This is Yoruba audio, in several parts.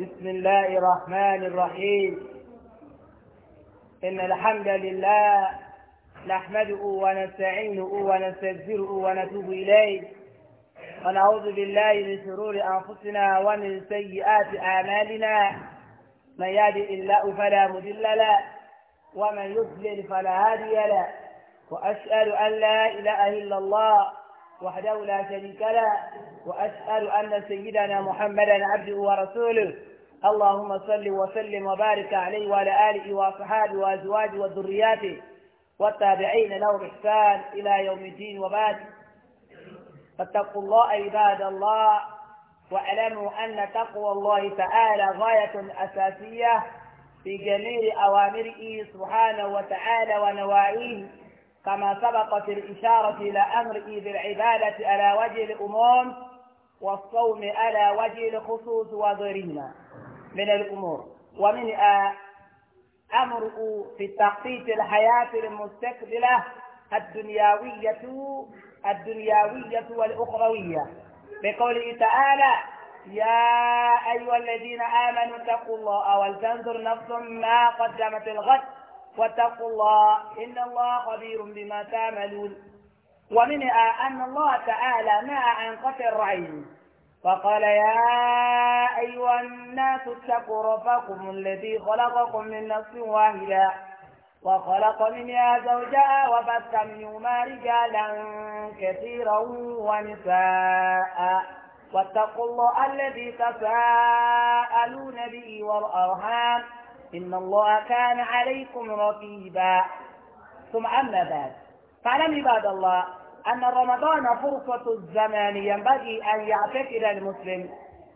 بسم الله الرحمن الرحيم إن الحمد لله نحمده ونستعينه ونستغفره ونتوب إليه ونعوذ بالله من شرور أنفسنا ومن سيئات أعمالنا من يهد الله فلا مضل له ومن يضلل فلا هادي له وأشهد أن لا إله إلا الله وحده لا شريك له وأسأل أن سيدنا محمدا عبده ورسوله اللهم صل وسلم وبارك عليه وعلى آله وصحابه وأزواجه وذرياته والتابعين له بإحسان إلى يوم الدين وبعد فاتقوا الله عباد الله واعلموا أن تقوى الله تعالى غاية أساسية في جميع أوامره سبحانه وتعالى ونواهيه كما سبق في الإشارة إلى أمر إيذ العبادة على وجه الأمور والصوم على وجه الخصوص وغيرهما من الأمور ومن آه، أمر في تخطيط الحياة المستقبلة الدنيوية الدنيوية والأخروية بقوله تعالى يا أيها الذين آمنوا اتقوا الله ولتنظر نفس ما قدمت الغد واتقوا الله إن الله خبير بما تعملون ومنها أن الله تعالى نهى عن قتل الرعين فقال يا أيها الناس اتقوا ربكم الذي خلقكم من نفس واحدة وخلق منها زوجها وبث منهما رجالا كثيرا ونساء واتقوا الله الذي تساءلون به والأرحام إن الله كان عليكم رقيبا ثم أما بعد فاعلم عباد الله أن رمضان فرصة الزمان ينبغي أن يعتقد المسلم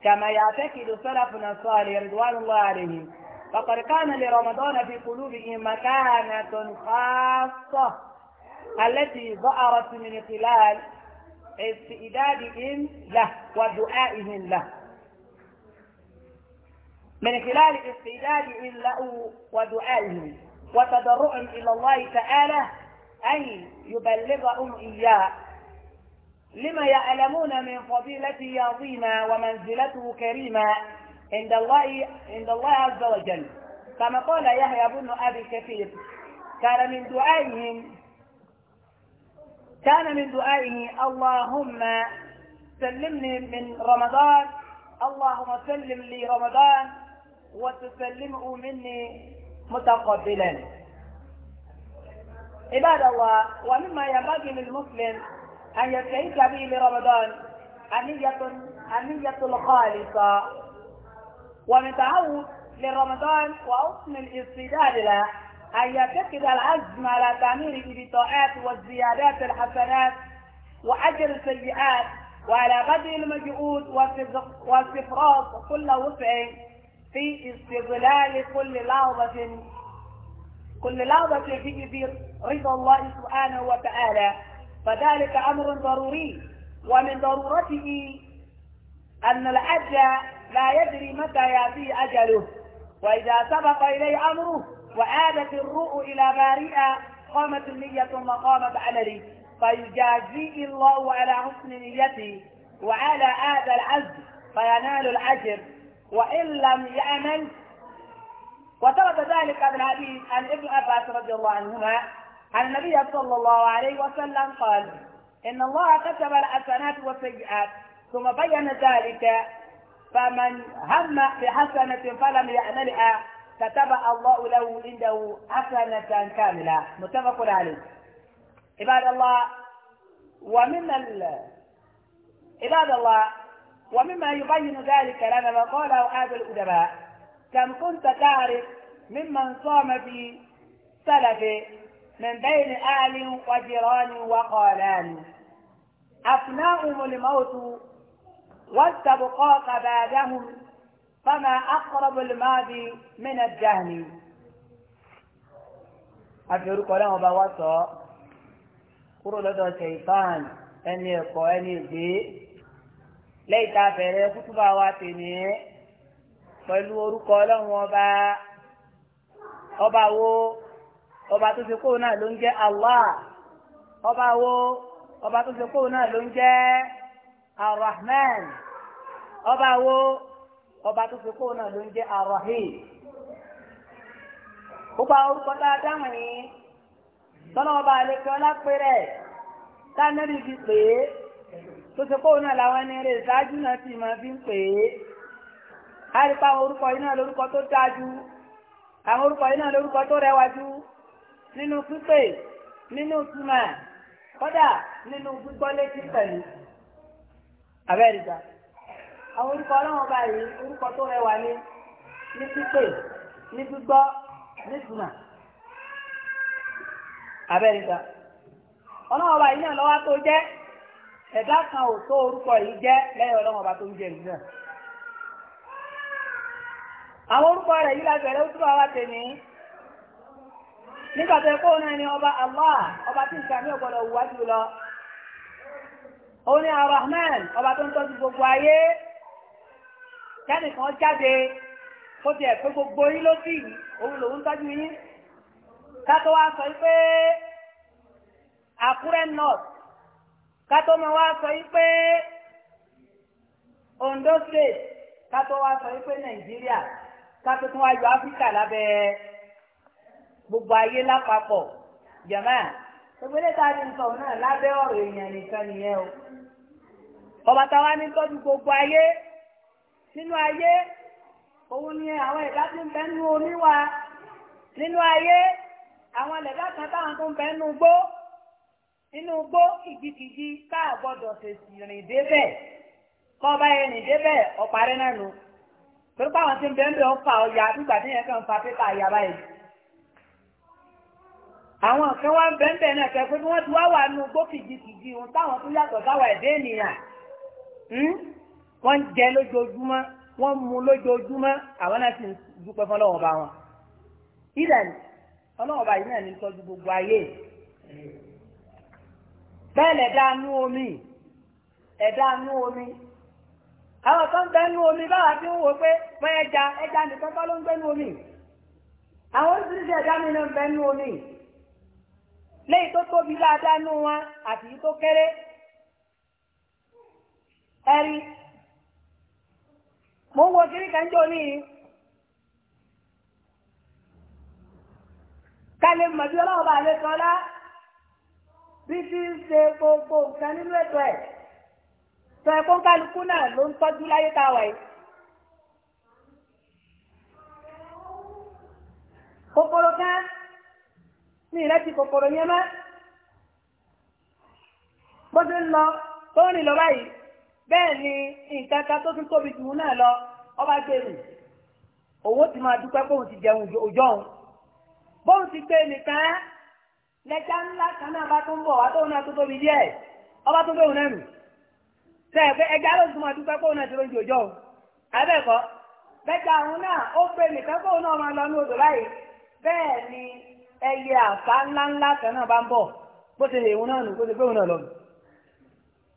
كما يعتقد سلفنا الصالح رضوان الله عليهم فقد كان لرمضان في قلوبهم مكانة خاصة التي ظهرت من خلال استئدادهم له ودعائهم له من خلال استعداد له ودعائهم وتضرعهم إلى الله تعالى أن يبلغهم إياه لما يعلمون من فضيلته عظيمة ومنزلته كريمة عند الله عند الله عز وجل كما قال يحيى بن أبي كثير كان من دعائهم كان من دعائه اللهم سلمني من رمضان اللهم سلم لي رمضان وتسلمه مني متقبلا عباد الله ومما ينبغي للمسلم أن يستعيد به لرمضان النية النية الخالصة ونتعود لرمضان وحسن الاستجابة له أن يتخذ العزم على تعميره بالطاعات والزيادات الحسنات وأجر السيئات وعلى بذل المجهود واستفراغ كل وسع في استغلال كل لحظة كل لحظة فيه في رضا الله سبحانه وتعالى فذلك أمر ضروري ومن ضرورته أن الأجل لا يدري متى يأتي أجله وإذا سبق إليه أمره وعادت الروء إلى بارئة قامت النية وقامت عملي فيجازيه الله على حسن نيته وعلى هذا العز فينال الأجر وإن لم يأمن وترك ذلك من حديث عن ابن عباس رضي الله عنهما عن النبي صلى الله عليه وسلم قال إن الله كتب الحسنات والسيئات ثم بين ذلك فمن هم بحسنة فلم يعملها كتب الله له عنده حسنة كاملة متفق عليه عباد الله ومن ال... عباد الله ومما يبين ذلك لنا ما قاله هذا الأدباء كم كنت تعرف ممن صام في سلفه من بين أهل وجيران وقالان أفناهم الموت والتبقاق بعدهم فما أقرب الماضي من الجهل àfi orúkọ ọlọ́run ọba wa sọ kúrò lọ́dọ̀ ṣèitán ẹni lẹ́yìn bẹ̀rẹ̀ kútúbà wa tèmi pẹ̀lú orúkọ ọlọ́run ọba ọba wo ọba tó ṣe kó náà ló ń jẹ́ Allah ọba wo ọba tó ṣe kó náà ló ń jẹ́ ọba wo ọba tó ṣe kó náà ló ń jẹ́ ar gbogbo àwọn orúkọ tá a dáhùn yìí tọ́lọ́mọba àlejò tó ṣe kóhùn náà làwọn ẹni rẹ̀ ṣáájú náà ti máa fi ń pè é àrípa àwọn orúkọ yìí náà lórúkọ tó dájú àwọn orúkọ yìí náà lórúkọ tó rẹwájú nínú pípè nínú túmọ̀ kódà nínú gbígbọ́ létí pẹ̀lú abẹ́rìgbà àwọn orúkọ ọlọ́wọ́n báyìí orúkọ tó rẹwà ní ní pípè ní gbígbọ́ ní túmọ̀ abẹ́rìgbà ọlọ́wọ́n báyìí náà lọ́wọ́ tó jẹ́ ẹ̀dá kan ò tó orúkọ yìí jẹ́ lẹ́yìn ọlọ́run ọba tó ń jẹ ìlú náà. àwọn orúkọ rẹ̀ yìí lábẹ̀rẹ̀ ó túbọ̀ wá tèmi nígbà tó kó náà ni ọba Allah ọba tí nǹkan mi ò gbọdọ̀ wù wájú lọ. òun ni Ar-Rahman ọba tó ń tọ́jú gbogbo ayé kẹ́nìkan jáde kó tiẹ̀ pé gbogbo yín ló sì òun lòun tọ́jú yín. ká tó wá sọ pé Àkúrẹ́ north kátó mọ wá sọ yí pé Ondo state kátó wá sọ yí pé Nàìjíríà kátó tún wá yọ Áfíríkà lábẹ́ gbogbo ayé lápapọ̀ jẹ̀mọ́ gbogbo ilé táwọn ń sọ náà lábẹ́ ọ̀rọ̀ èèyàn nìkan nìyẹn o ọba táwa ní tọ́jú gbogbo ayé nínú ayé òun ni àwọn ẹ̀dá tí ń bẹ nínú omi wa nínú ayé àwọn ẹ̀dá kan táwọn tó ń bẹ nínú gbó inú gbó ìjìkìjì káà gbọ́dọ̀ fèsì rìn débẹ̀ kọ́ bá yẹn rìn débẹ̀ ọ̀parẹ́ náà nù torí pé àwọn tí ń bẹ́ẹ̀ bẹ́ẹ̀ ń fa ọ̀yà nígbà tí yẹn kàn fa pépà àyà báyìí. àwọn kan wá ń bẹ́ẹ̀ bẹ́ẹ̀ náà kẹ́ pé wọ́n ti wá wà nù gbó kìjìkìjì ohun táwọn tó yàtọ̀ táwa ẹ̀dẹ́ ènìyàn hmm? wọ́n ń jẹ lójoojúmọ́ wọ́n ń mu lójoojúmọ́ àwọn náà sì ń dúpẹ́ fọlọ́wọ́ba wọn. ìdàn ọlọ́wọ́ba yìí náà ní tọ́jú bẹ́ẹ̀ lẹ̀dá nú omi ẹ̀dá nú omi àwọn kan ń omi báwa tí wò pé pẹ́ ẹja ẹja nìkan ló ń omi àwọn oríṣiríṣi mi ń omi léyìí tóbi dáadáa wọn àti yìí tó kéré ẹ̀rí mo ń wo kiri bí ti ń ṣe gbogbo nǹkan nínú ètò ẹ̀ sọ ẹ̀ fún kálukú náà ló ń tọ́jú láyé tá a wà yìí. kòkòrò kan ní ìrẹsì kòkòrò yẹn mọ́ bó ti ń lọ tó ń rìn lọ báyìí bẹ́ẹ̀ ni nǹkan kan tó tún tóbi jù ú náà lọ ọba gbèrú owó ti máa dúpẹ́ bóun ti jẹun òjò òun bóun ti gbé nìkan lẹ́jà ńlá kan náà bá tó ń bọ̀ wá tóun náà tó tóbi díẹ̀ ọba tó tóun náà nù sẹ́yìn pé ẹja ló tún máa dúpẹ́ kóun náà ti lóúnjẹ òjò àbẹ́ẹ̀kọ́ lẹ́jà òun náà ó pè nìkan kóun náà máa lọ ní odò láyé bẹ́ẹ̀ ni ẹyẹ àṣà ńláńlá kan náà bá ń bọ̀ bó ti lè òun náà nù bó ti pé náà lọ nù.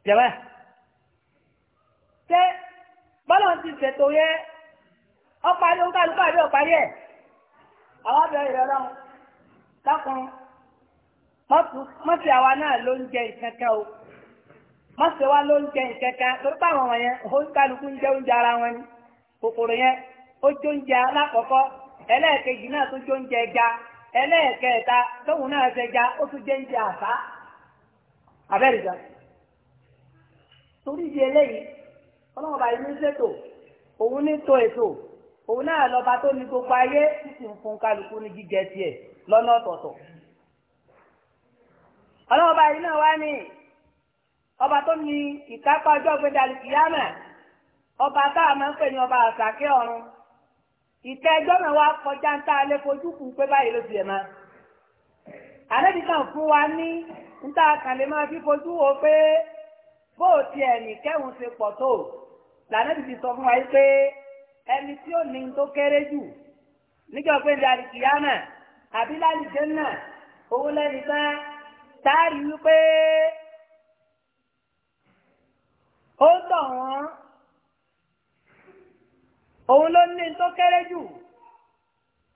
jẹ́wẹ́ ṣé bọ́lá ti ṣètò yẹ ọparí òun àbí ọparí ẹ̀ àwọn ọbẹ̀ mọ́sí àwa náà ló ń jẹ ìkẹ́kẹ́ o mọ́sí wa ló ń jẹ ìkẹ́kẹ́ ń jẹ oúnjẹ ara wọn ni kòkòrò yẹn ó jó oúnjẹ alákọ̀ọ́kọ́ ẹlẹ́ẹ̀kejì náà tó jó oúnjẹ ẹja ẹlẹ́ẹ̀kẹta tóun náà ṣe ja ó tún jẹ oúnjẹ àṣá abẹ́rẹ́dà torí ìdí eléyìí ọlọ́mọba yìí ní ṣètò òun ní tó ètò òun náà lọ́ba tó ní gbogbo ayé ọlọ́wọ́ báyìí náà wá ní ọba tó ní ìkápá ọjọ́ gbẹdàlì kìyàmẹ̀ ọba tá a máa pè ní ọba àṣàkẹ́ ọ̀run ìtẹ́jọ́ náà wá kọjá ń tá a lè fojú kù pé báyìí ló tiẹ̀ máa. àlejò fún wa ní ń tá a kàn lè máa fi fojú wo pé ẹ̀nì kéré jù níjọ́ kìyàmẹ̀ àbí náà owó lẹ́ni táàrí wípé ó tọ̀ wọ́n òun ló ní tó kéré jù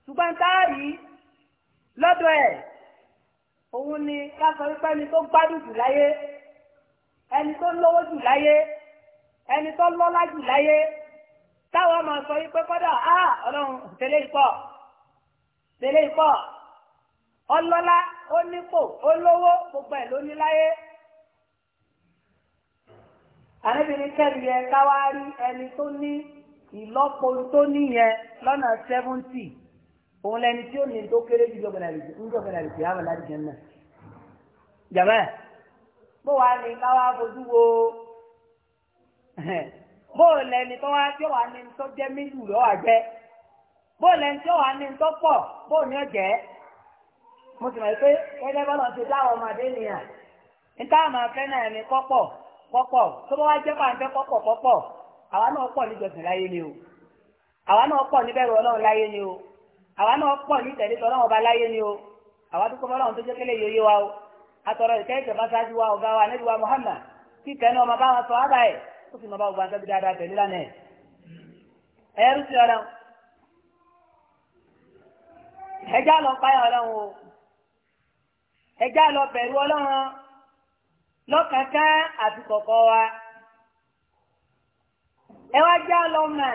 ṣùgbọ́n táàrí lọ́dọ̀ ẹ̀ òun ni ká sọ wípé ẹni tó gbádùn jù láyé ẹni tó lówó jù láyé ẹni tó lọ́lá jù láyé táwọn máa sọ wípé kọ́dà ọlọ́run tẹ́lẹ̀ ìpọ̀ tẹ́lẹ̀ ìpọ̀ ọlọ́lá ó nípò ó lówó gbogbo ẹ̀ ló ní láyé. àníbìrin kẹ́rin yẹn káwá rí ẹni tó ní ìlọ́po tó níyẹn lọ́nà sẹ́fúntì òun lẹni tí ó ní tó kéré jù jọgbọ̀nà rìsì ń jọgbọ̀nà rìsì àwọn láti jẹun náà. jàmẹ́ bó wàá ní káwá fojú wo bó lẹni tó wá tí ó wà ní tó jẹ́ méjì lọ́wọ́ àjẹ́ bó lẹni tó wà ní tó pọ̀ bó ní ọ̀jẹ́. mo sì mọ̀ pé gẹ́gẹ́ bọ́lá ti dáwọ́ ọmọdé nìyà níta àmọ́ afẹ́ náà ni kọ́pọ̀ kọ́pọ̀ tó bá wá jẹ́ pà ń fẹ́ kọ́pọ̀ àwa náà pọ̀ níjọsìn láyé ni o àwa náà ọba láyé ni o àwa tó kọ́ bọ́lá tó wa atọrọ ìkẹ́ wa ọ̀gá Muhammad kí ẹ̀ ẹjá lọ bẹ̀rù ọlọ́run lọ́kàkán àti kọ̀kọ̀ wa ẹ wá já lọ mà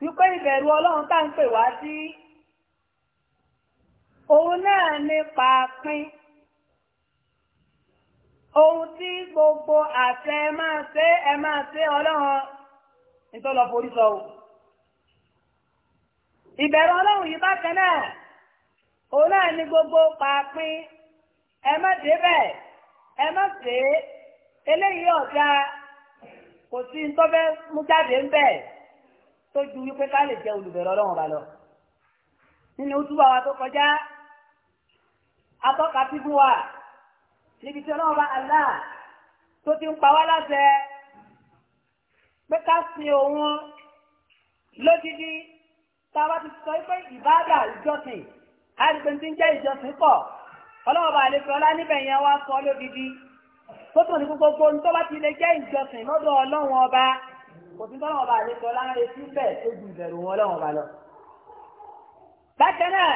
wípé ìbẹ̀rù ọlọ́run tá ń pè wá sí òun náà nípa pín ohun tí gbogbo àṣẹ ẹ máa ṣe ẹ máa ṣe ọlọ́run nítorí lọ forí sọ o ìbẹ̀rù ọlọ́run yìí bákan náà. òun náà ni gbogbo paapin ẹ má débẹ̀ ẹ má ṣe é eléyìí ọ̀dà kò sí tó fẹ́ mú jáde ń bẹ̀ tó ju wípé ká lè jẹ olùbẹ̀rẹ̀ ọlọ́run bá lọ nínú túbọ̀ wa tó kọjá atọ́ka fífún wa níbi tí ọlọ́run bá ti ń pa wá láṣẹ pé ká sin òun tá a bá ti sọ pé àdìpẹ́ ti ń jẹ́ ìjọsìn pọ̀ ọlọ́wọ́ bá àlejò ọlá níbẹ̀ yẹn wá sọ lódìdí tó tún ní gbogbo ohun tó bá ti lè jẹ́ ìjọsìn lọ́dọ̀ ọlọ́run ọba kò sí tọ́lọ́wọ́ bá àlejò ọlá ń retí bẹ́ẹ̀ tó ju ìbẹ̀rù wọn ọlọ́run ọba lọ. bákan náà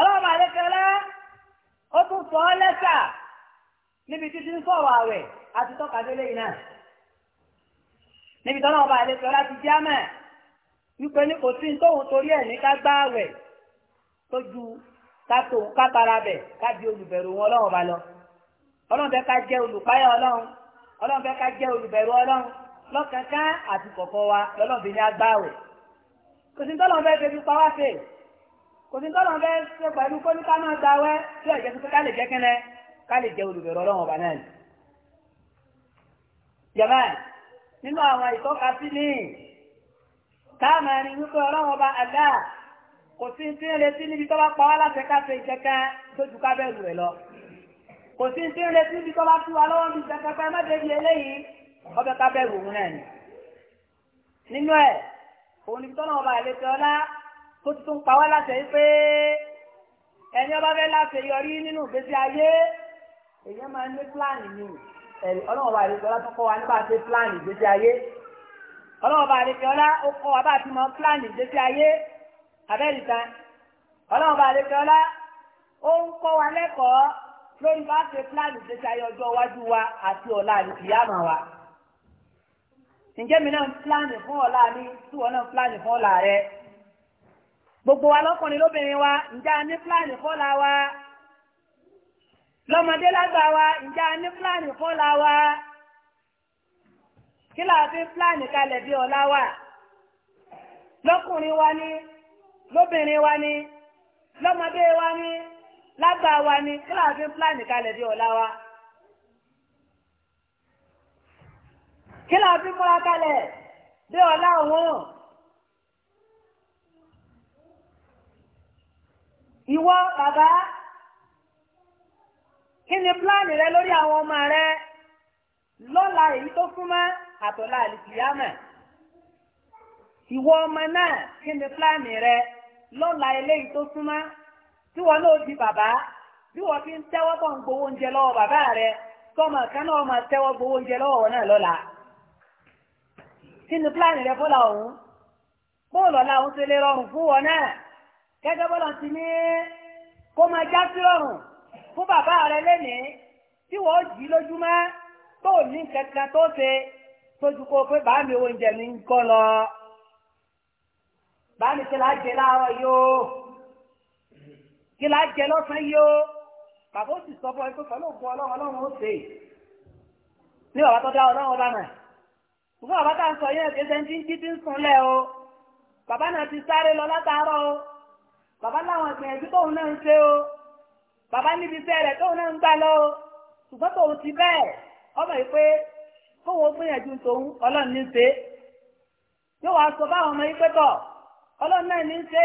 ọlọ́wọ́ bá àlejò ọlá ó tún sọ ọ́ lẹ́sà níbi títí ń sọ̀rọ̀ àwẹ̀ àti tọ́ka délé yìí náà níbi tọ́lọ́wọ́ bá àlejò ọlá ti jámẹ́ wípé ní kò sí tóun torí ẹ̀ ní ká gbààwẹ̀ tó ju kátó kátara bẹ̀ ká di olùbẹ̀rù wọn ọlọ́run ba lọ ọlọ́run fẹ́ ká jẹ́ olùpáyà ọlọ́run ọlọ́run fẹ́ ká jẹ́ olùbẹ̀rù ọlọ́run lọ́kànká àti kọ̀kọ́ wa lọ́lọ́run fi ní agbáwẹ̀ kò sí tọ́lọ́run fẹ́ fẹ́ fi pa wá fè kò sí tọ́lọ́run fẹ́ ṣe pẹ̀lú kó ní ká máa gbààwẹ̀ tí ọ̀jẹ̀ tuntun ká lè jẹ́ kẹ́lẹ́ ká lè jẹ́ olùbẹ̀rù ọlọ́run ọba náà káàmà ẹni wípé ọlọ́run ọba àgá kò sí tí ń retí níbi tó bá pa wá láti ká ka ìjẹ́kẹ́ tójú ká rẹ̀ lọ kò sí tí ń retí níbi tó bá tú wa lọ́wọ́ níbi ìjẹ́kẹ́kẹ́ eléyìí ọbẹ̀ òun náà ni. nínú ẹ̀ òun níbi tọ́lọ́run ọba ọlá tó ti tún pa wá láti pé ẹni ọba fẹ́ láti ọlọ́wọ́ ọba ọlá ó kọ́ wa bá ti mọ pílánì ìgbésí ayé abẹ́rìta ọlọ́wọ́ bá ọlá ó ń kọ́ wa lẹ́kọ̀ọ́ lórí bá ṣe pílánì ìgbésí ayé ọjọ́ iwájú wa àti wa. ǹjẹ́ mi náà ń fún ọ̀la mi tí wọ́n náà rẹ? gbogbo wa lọ́kùnrin lóbìnrin wa ǹjẹ́ a ní pílánì fún ọ̀la wa? lọ́mọdé wa ǹjẹ́ a ní fún ọ̀la wa? kí la fi pílánì kalẹ̀ bí ọ̀la wà lọ́kùnrin wa ni lóbìnrin wa ni lọ́mọdé wa ni lágbà wa ni kí la fi pílánì kalẹ̀ bí ọ̀la wa. kí la fi múra kalẹ̀ bí ọ̀la òun. ìwọ bàbá kí ni pílánì rẹ lórí àwọn ọmọ rẹ lọ́la èyí tó fún mọ́ àtọ̀lá àlìkìyámà ìwọ ọmọ náà kí ni pílánì rẹ lọ́la eléyìí tó súnmọ́ tí wọn náà di bàbá bí wọn fi ń tẹ́wọ́ bọ̀ ń gbowó oúnjẹ lọ́wọ́ bàbá rẹ tọmọ kan náà máa tẹ́wọ́ gbowó oúnjẹ lọ́wọ́ náà lọ́la kí ni pílánì rẹ fọlá òun bóòlù ọ̀la òun ṣe lè rọrùn fún wọn náà gẹ́gẹ́ bọ́lá ti ní kó máa já sí rọrùn fún bàbá rẹ lénìí tí wọ́n jí lójúmọ́ tó ní kankan tójú kó pé bàá mi oúnjẹ mi ń kọ́ lọ bàá mi kí jẹ láàárọ̀ yóò kí jẹ lọ́sàn yóò bàbá ó sì sọ fún ẹ pé pẹ̀lú òkú ọlọ́run ọlọ́run ó sè ní bàbá tó dá ọlọ́run ọba náà ṣùgbọ́n bàbá tá à ń sọ yẹn kí ẹsẹ̀ ń dín dín dín o bàbá náà ti sáré lọ látàárọ̀ o bàbá láwọn ìgbìyànjú tóun náà ń ṣe o bàbá níbi bẹ́ẹ̀ rẹ̀ tóun náà ń gbà lọ o ṣùgbọ́n tóun ti bẹ́ẹ̀ ọmọ yìí kóhùn ó gbìyànjú tòun ọlọ́run ní ṣe yóò wá sọ báwọn ọmọ yín pé ọlọ́run náà ní ṣe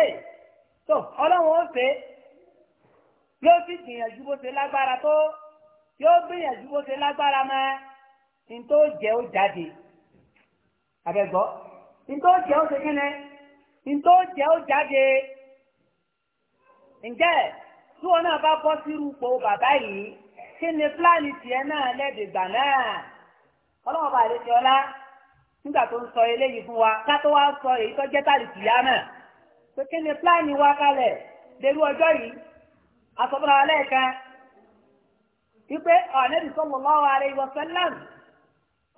tó ọlọ́run ó ṣe yóò sì gbìyànjú bó ṣe lágbára tó yóò gbìyànjú bó ṣe lágbára mọ́ ntó jẹ́ ó jáde abẹ́gbọ́ ntó jẹ́ ó ṣe kí ni ntó jẹ́ ó jáde ǹjẹ́ tí wọn náà bá bọ́ sírú ipò bàbá yìí kí ni fúlàní tiẹ̀ náà lẹ́dẹ̀gbà náà. ọlọ́wọ́ bá àlejò ọlá nígbà tó ń sọ eléyìí fún wa ká tó wá sọ èyí tó jẹ́ tàlìkì yá náà pé kí ni pílánì wa kalẹ̀ lérú ọjọ́ yìí àsọ̀bọ̀nà wa lẹ́ẹ̀kan wípé ọ̀nẹ́bí sallallahu alaihi wasallam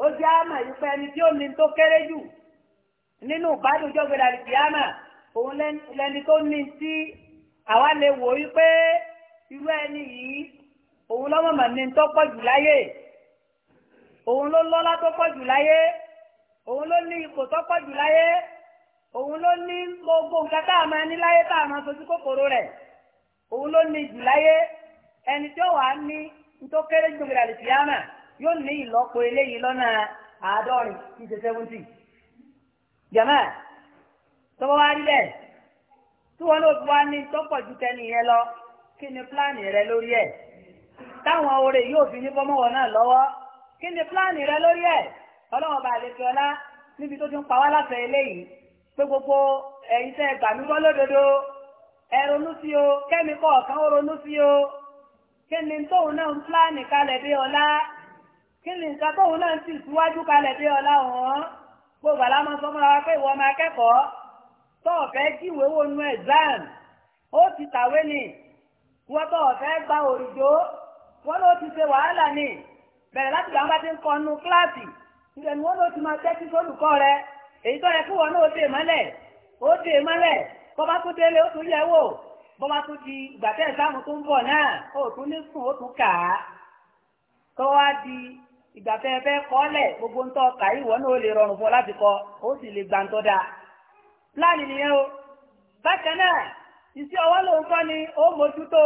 ó jẹ́ àmà ìpẹ́ ẹni tí ó ní tó kéré jù nínú ìbádùn ọjọ́ gbé dàlìkì yá náà òun lẹni tó ní tí àwa lè wò wípé irú ẹni yìí òun lọ́mọ̀mọ̀ ní tó pọ̀ jù láyé. òun ló lọ́lá tó pọ̀ jù láyé òun ló ní ipò tó pọ̀ jù láyé òun ló ní gbogbo nǹkan tá a máa ní láyé tá a máa kòkòrò rẹ̀ òun ló ní jù láyé ẹni tí ó wàá ní tó kéré gbòmìnira lè fi yóò ní ìlọ́po eléyìí lọ́nà àádọ́rin ní ṣe sẹ́wọ́ntì jẹ̀mọ́ tọ́wọ́ wá rí bẹ́ẹ̀ tí wọ́n fi wá ní ni pílánì rẹ kí ni pílánì rẹ lórí ẹ̀ ọlọ́run bá lè fi ọlá níbi tó ti ń pa wá láfẹ́ eléyìí pé gbogbo ẹ̀yin tẹ́ ẹ gbà mí gbọ́ lódodo ẹ ronú sí o kẹ́mi kọ̀ọ̀kan ó ronú sí o kí ni tóun náà ń pílánì kalẹ̀ dé ọlá kí ni nǹkan tóun náà ń tì síwájú kalẹ̀ dé ọlá wọn gbogbo àlámọ́ sọ fúnra wa pé ìwọ ọmọ akẹ́kọ̀ọ́ tọ́ọ̀fẹ́ jíwèé wò nu exam ó ti tàwé ni wọ́n tọ́ọ̀fẹ́ gba òrìjó wọ́n ló ti ṣe wàhálà ni bẹ̀rẹ̀ láti gbà wọn bá ti ń kọnu kíláàsì ìrẹ̀ ni wọ́n ló ti máa tẹ́tí sólùkọ́ rẹ èyí tó yẹ kí wọn náà dè mọ́lẹ̀ ó dè mọ́lẹ̀ bọ́ bá tún délé ó tún yẹ wò bọ́ bá tún di ìgbà tẹ́ ẹ̀sáàmù tó ń bọ̀ náà ó tún ní sùn ó tún kà á tó wá di ìgbà tẹ́ ẹ fẹ́ kọ́lẹ̀ gbogbo ń tọ́ kà í wọ́n náà lè rọrùn fún ọ láti kọ ó sì lè gbà ń tọ́ da pláàni nìyẹn o bákan náà iṣẹ́ ọwọ́ lóòótọ́ ni ó mójútó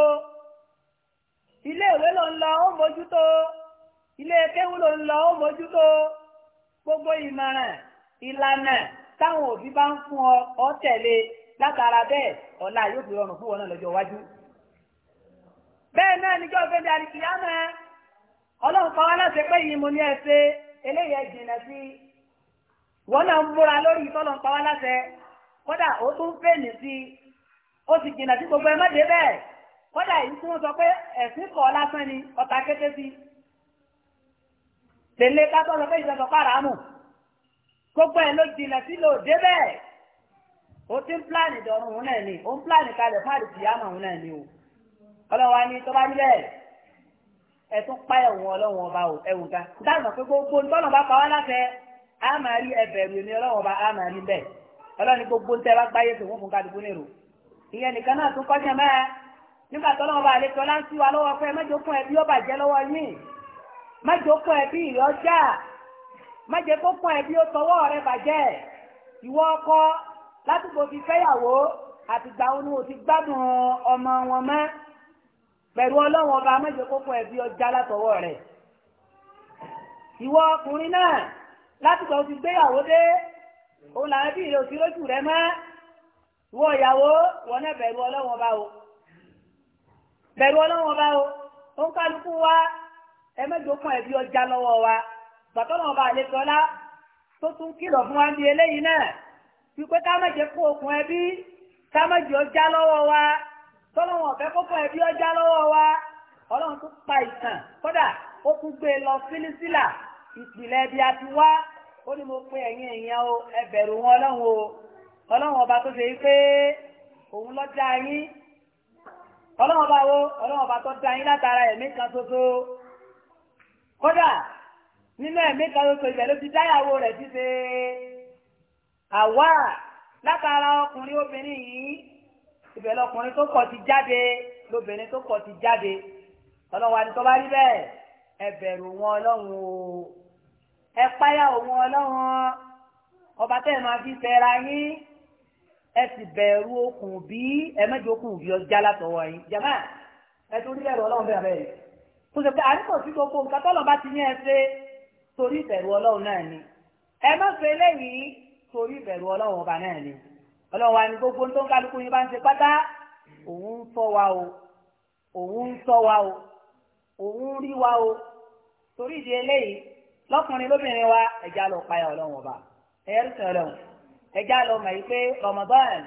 ilé ìwé ló ń lọ ó mójútó ilé kéwú ló ń lọ ó mójútó gbogbo ìmọ̀ràn ìlànà táwọn òbí bá ń fún ọ ọ tẹ̀lé látara bẹ́ẹ̀ ọ̀la yóò fi rọrùn fún wọn náà lọ́jọ́ iwájú. bẹ́ẹ̀ náà níjọ́ fẹ́ di àríkìyá náà ọlọ́run pa wá láti pé yìí mo ní ẹ ṣe eléyìí ẹ jìnnà sí wọn náà ń múra lórí gbogbo ẹ má dé kódà èyí tí sọ ni ọta kété sí tẹ̀lé kátó lọ fẹ́ ìjọba pàràmù gbogbo ẹ̀ ló jìnà sí lò dé bẹ́ẹ̀ ó ti ń pílánì dọ̀rùn òun náà ni ó ń pílánì kalẹ̀ fáàdì tìyàmà òun náà ni o ọlọ́wà ni tó bá níbẹ̀ ẹ tún páyà òun ọlọ́wọ̀n ọba o ẹ̀wù ga dáàbò pé gbogbo ntọ́nà bá pa wá láfẹ́ á máa rí ẹbẹ̀rù èmi ọlọ́wọ̀n ọba á máa rí bẹ́ẹ̀ ọlọ́ni gbogbo ntẹ́ bá gbáyé fún wọn fún kálukú nírò ìyẹn nìkan náà tún kọ́ má jókòó ẹbí ìyọjà má jẹ́ kó pọ́n ẹbí ó tọwọ́ rẹ bàjẹ́ ìwọ ọkọ látìgbò fi fẹ́yàwó àtìgbà onú ò ti gbádùn ọmọ wọn mọ́ pẹ̀lú ọlọ́wọ́n ọba má jẹ́ kó pọ́n ẹbí ọjà látọwọ́ rẹ̀ ìwọ ọkùnrin náà látìgbà ó ti gbéyàwó dé òun làwọn ẹbí rẹ̀ ò sí lójú rẹ̀ mọ́ ìwọ ìyàwó wọn náà bẹ̀rù ọlọ́wọ́n ọba o bẹ̀rù ọlọ́wọ́n ọba o ó ń kálukú wá ẹ mẹ́jọ fún ẹbí ọjà lọ́wọ́ wa gbàtọ́nà ọba àlejòọ́lá tó tún kìlọ̀ fún wa ní eléyìí náà fi pé ká mẹ́jẹ kó okùn ẹbí ká mẹ́jẹ ọjà lọ́wọ́ wa tọ́lọ́wọ́ ọ̀fẹ́ kókó ẹbí ọjà lọ́wọ́ wa ọlọ́run tún pa ìtàn kódà ó tún e ẹbí àti wá ó ní mo pe o kódà nínú ẹ̀mí kan ló sọ ibẹ̀ ló ti dáyàwó rẹ̀ ti ṣe àwa látara ọkùnrin obìnrin yìí ibẹ̀ lọkùnrin tó kọ̀ ti jáde lóbìnrin tó kọ̀ ti jáde ọlọ́wà ni tó bá rí bẹ́ẹ̀ ẹ bẹ̀rù wọn ọlọ́run o ẹ páyà òun ọlọ́run ọba tẹ́ ẹ máa fi fẹ́ra yín ẹ sì bẹ̀rù okùn bí ẹ mẹ́jọ okùn bí ọjà látọwọ́ yín jàmáà ẹ torí bẹ̀rù ọlọ́run bẹ̀rẹ̀ bẹ́ẹ̀ kó ṣe pé àríkò sí gbogbo nǹkan tọ́lọ̀ bá ti yẹn ṣe torí ìbẹ̀rù ọlọ́run náà ni ẹ má ṣe eléyìí torí ìbẹ̀rù ọlọ́run ọba náà ni ọlọ́run wa ni gbogbo tó ń kálukú yín bá ń ṣe pátá òun ń sọ wa o òun ń sọ wa o òun ń rí wa o torí ìdí eléyìí lọ́kùnrin lóbìnrin wa ẹ̀já lọ payà ọlọ́run ọba ẹ̀yẹ́rì sìn ọlọ́run ẹ̀já lọ mọ̀ yìí pé Ramadan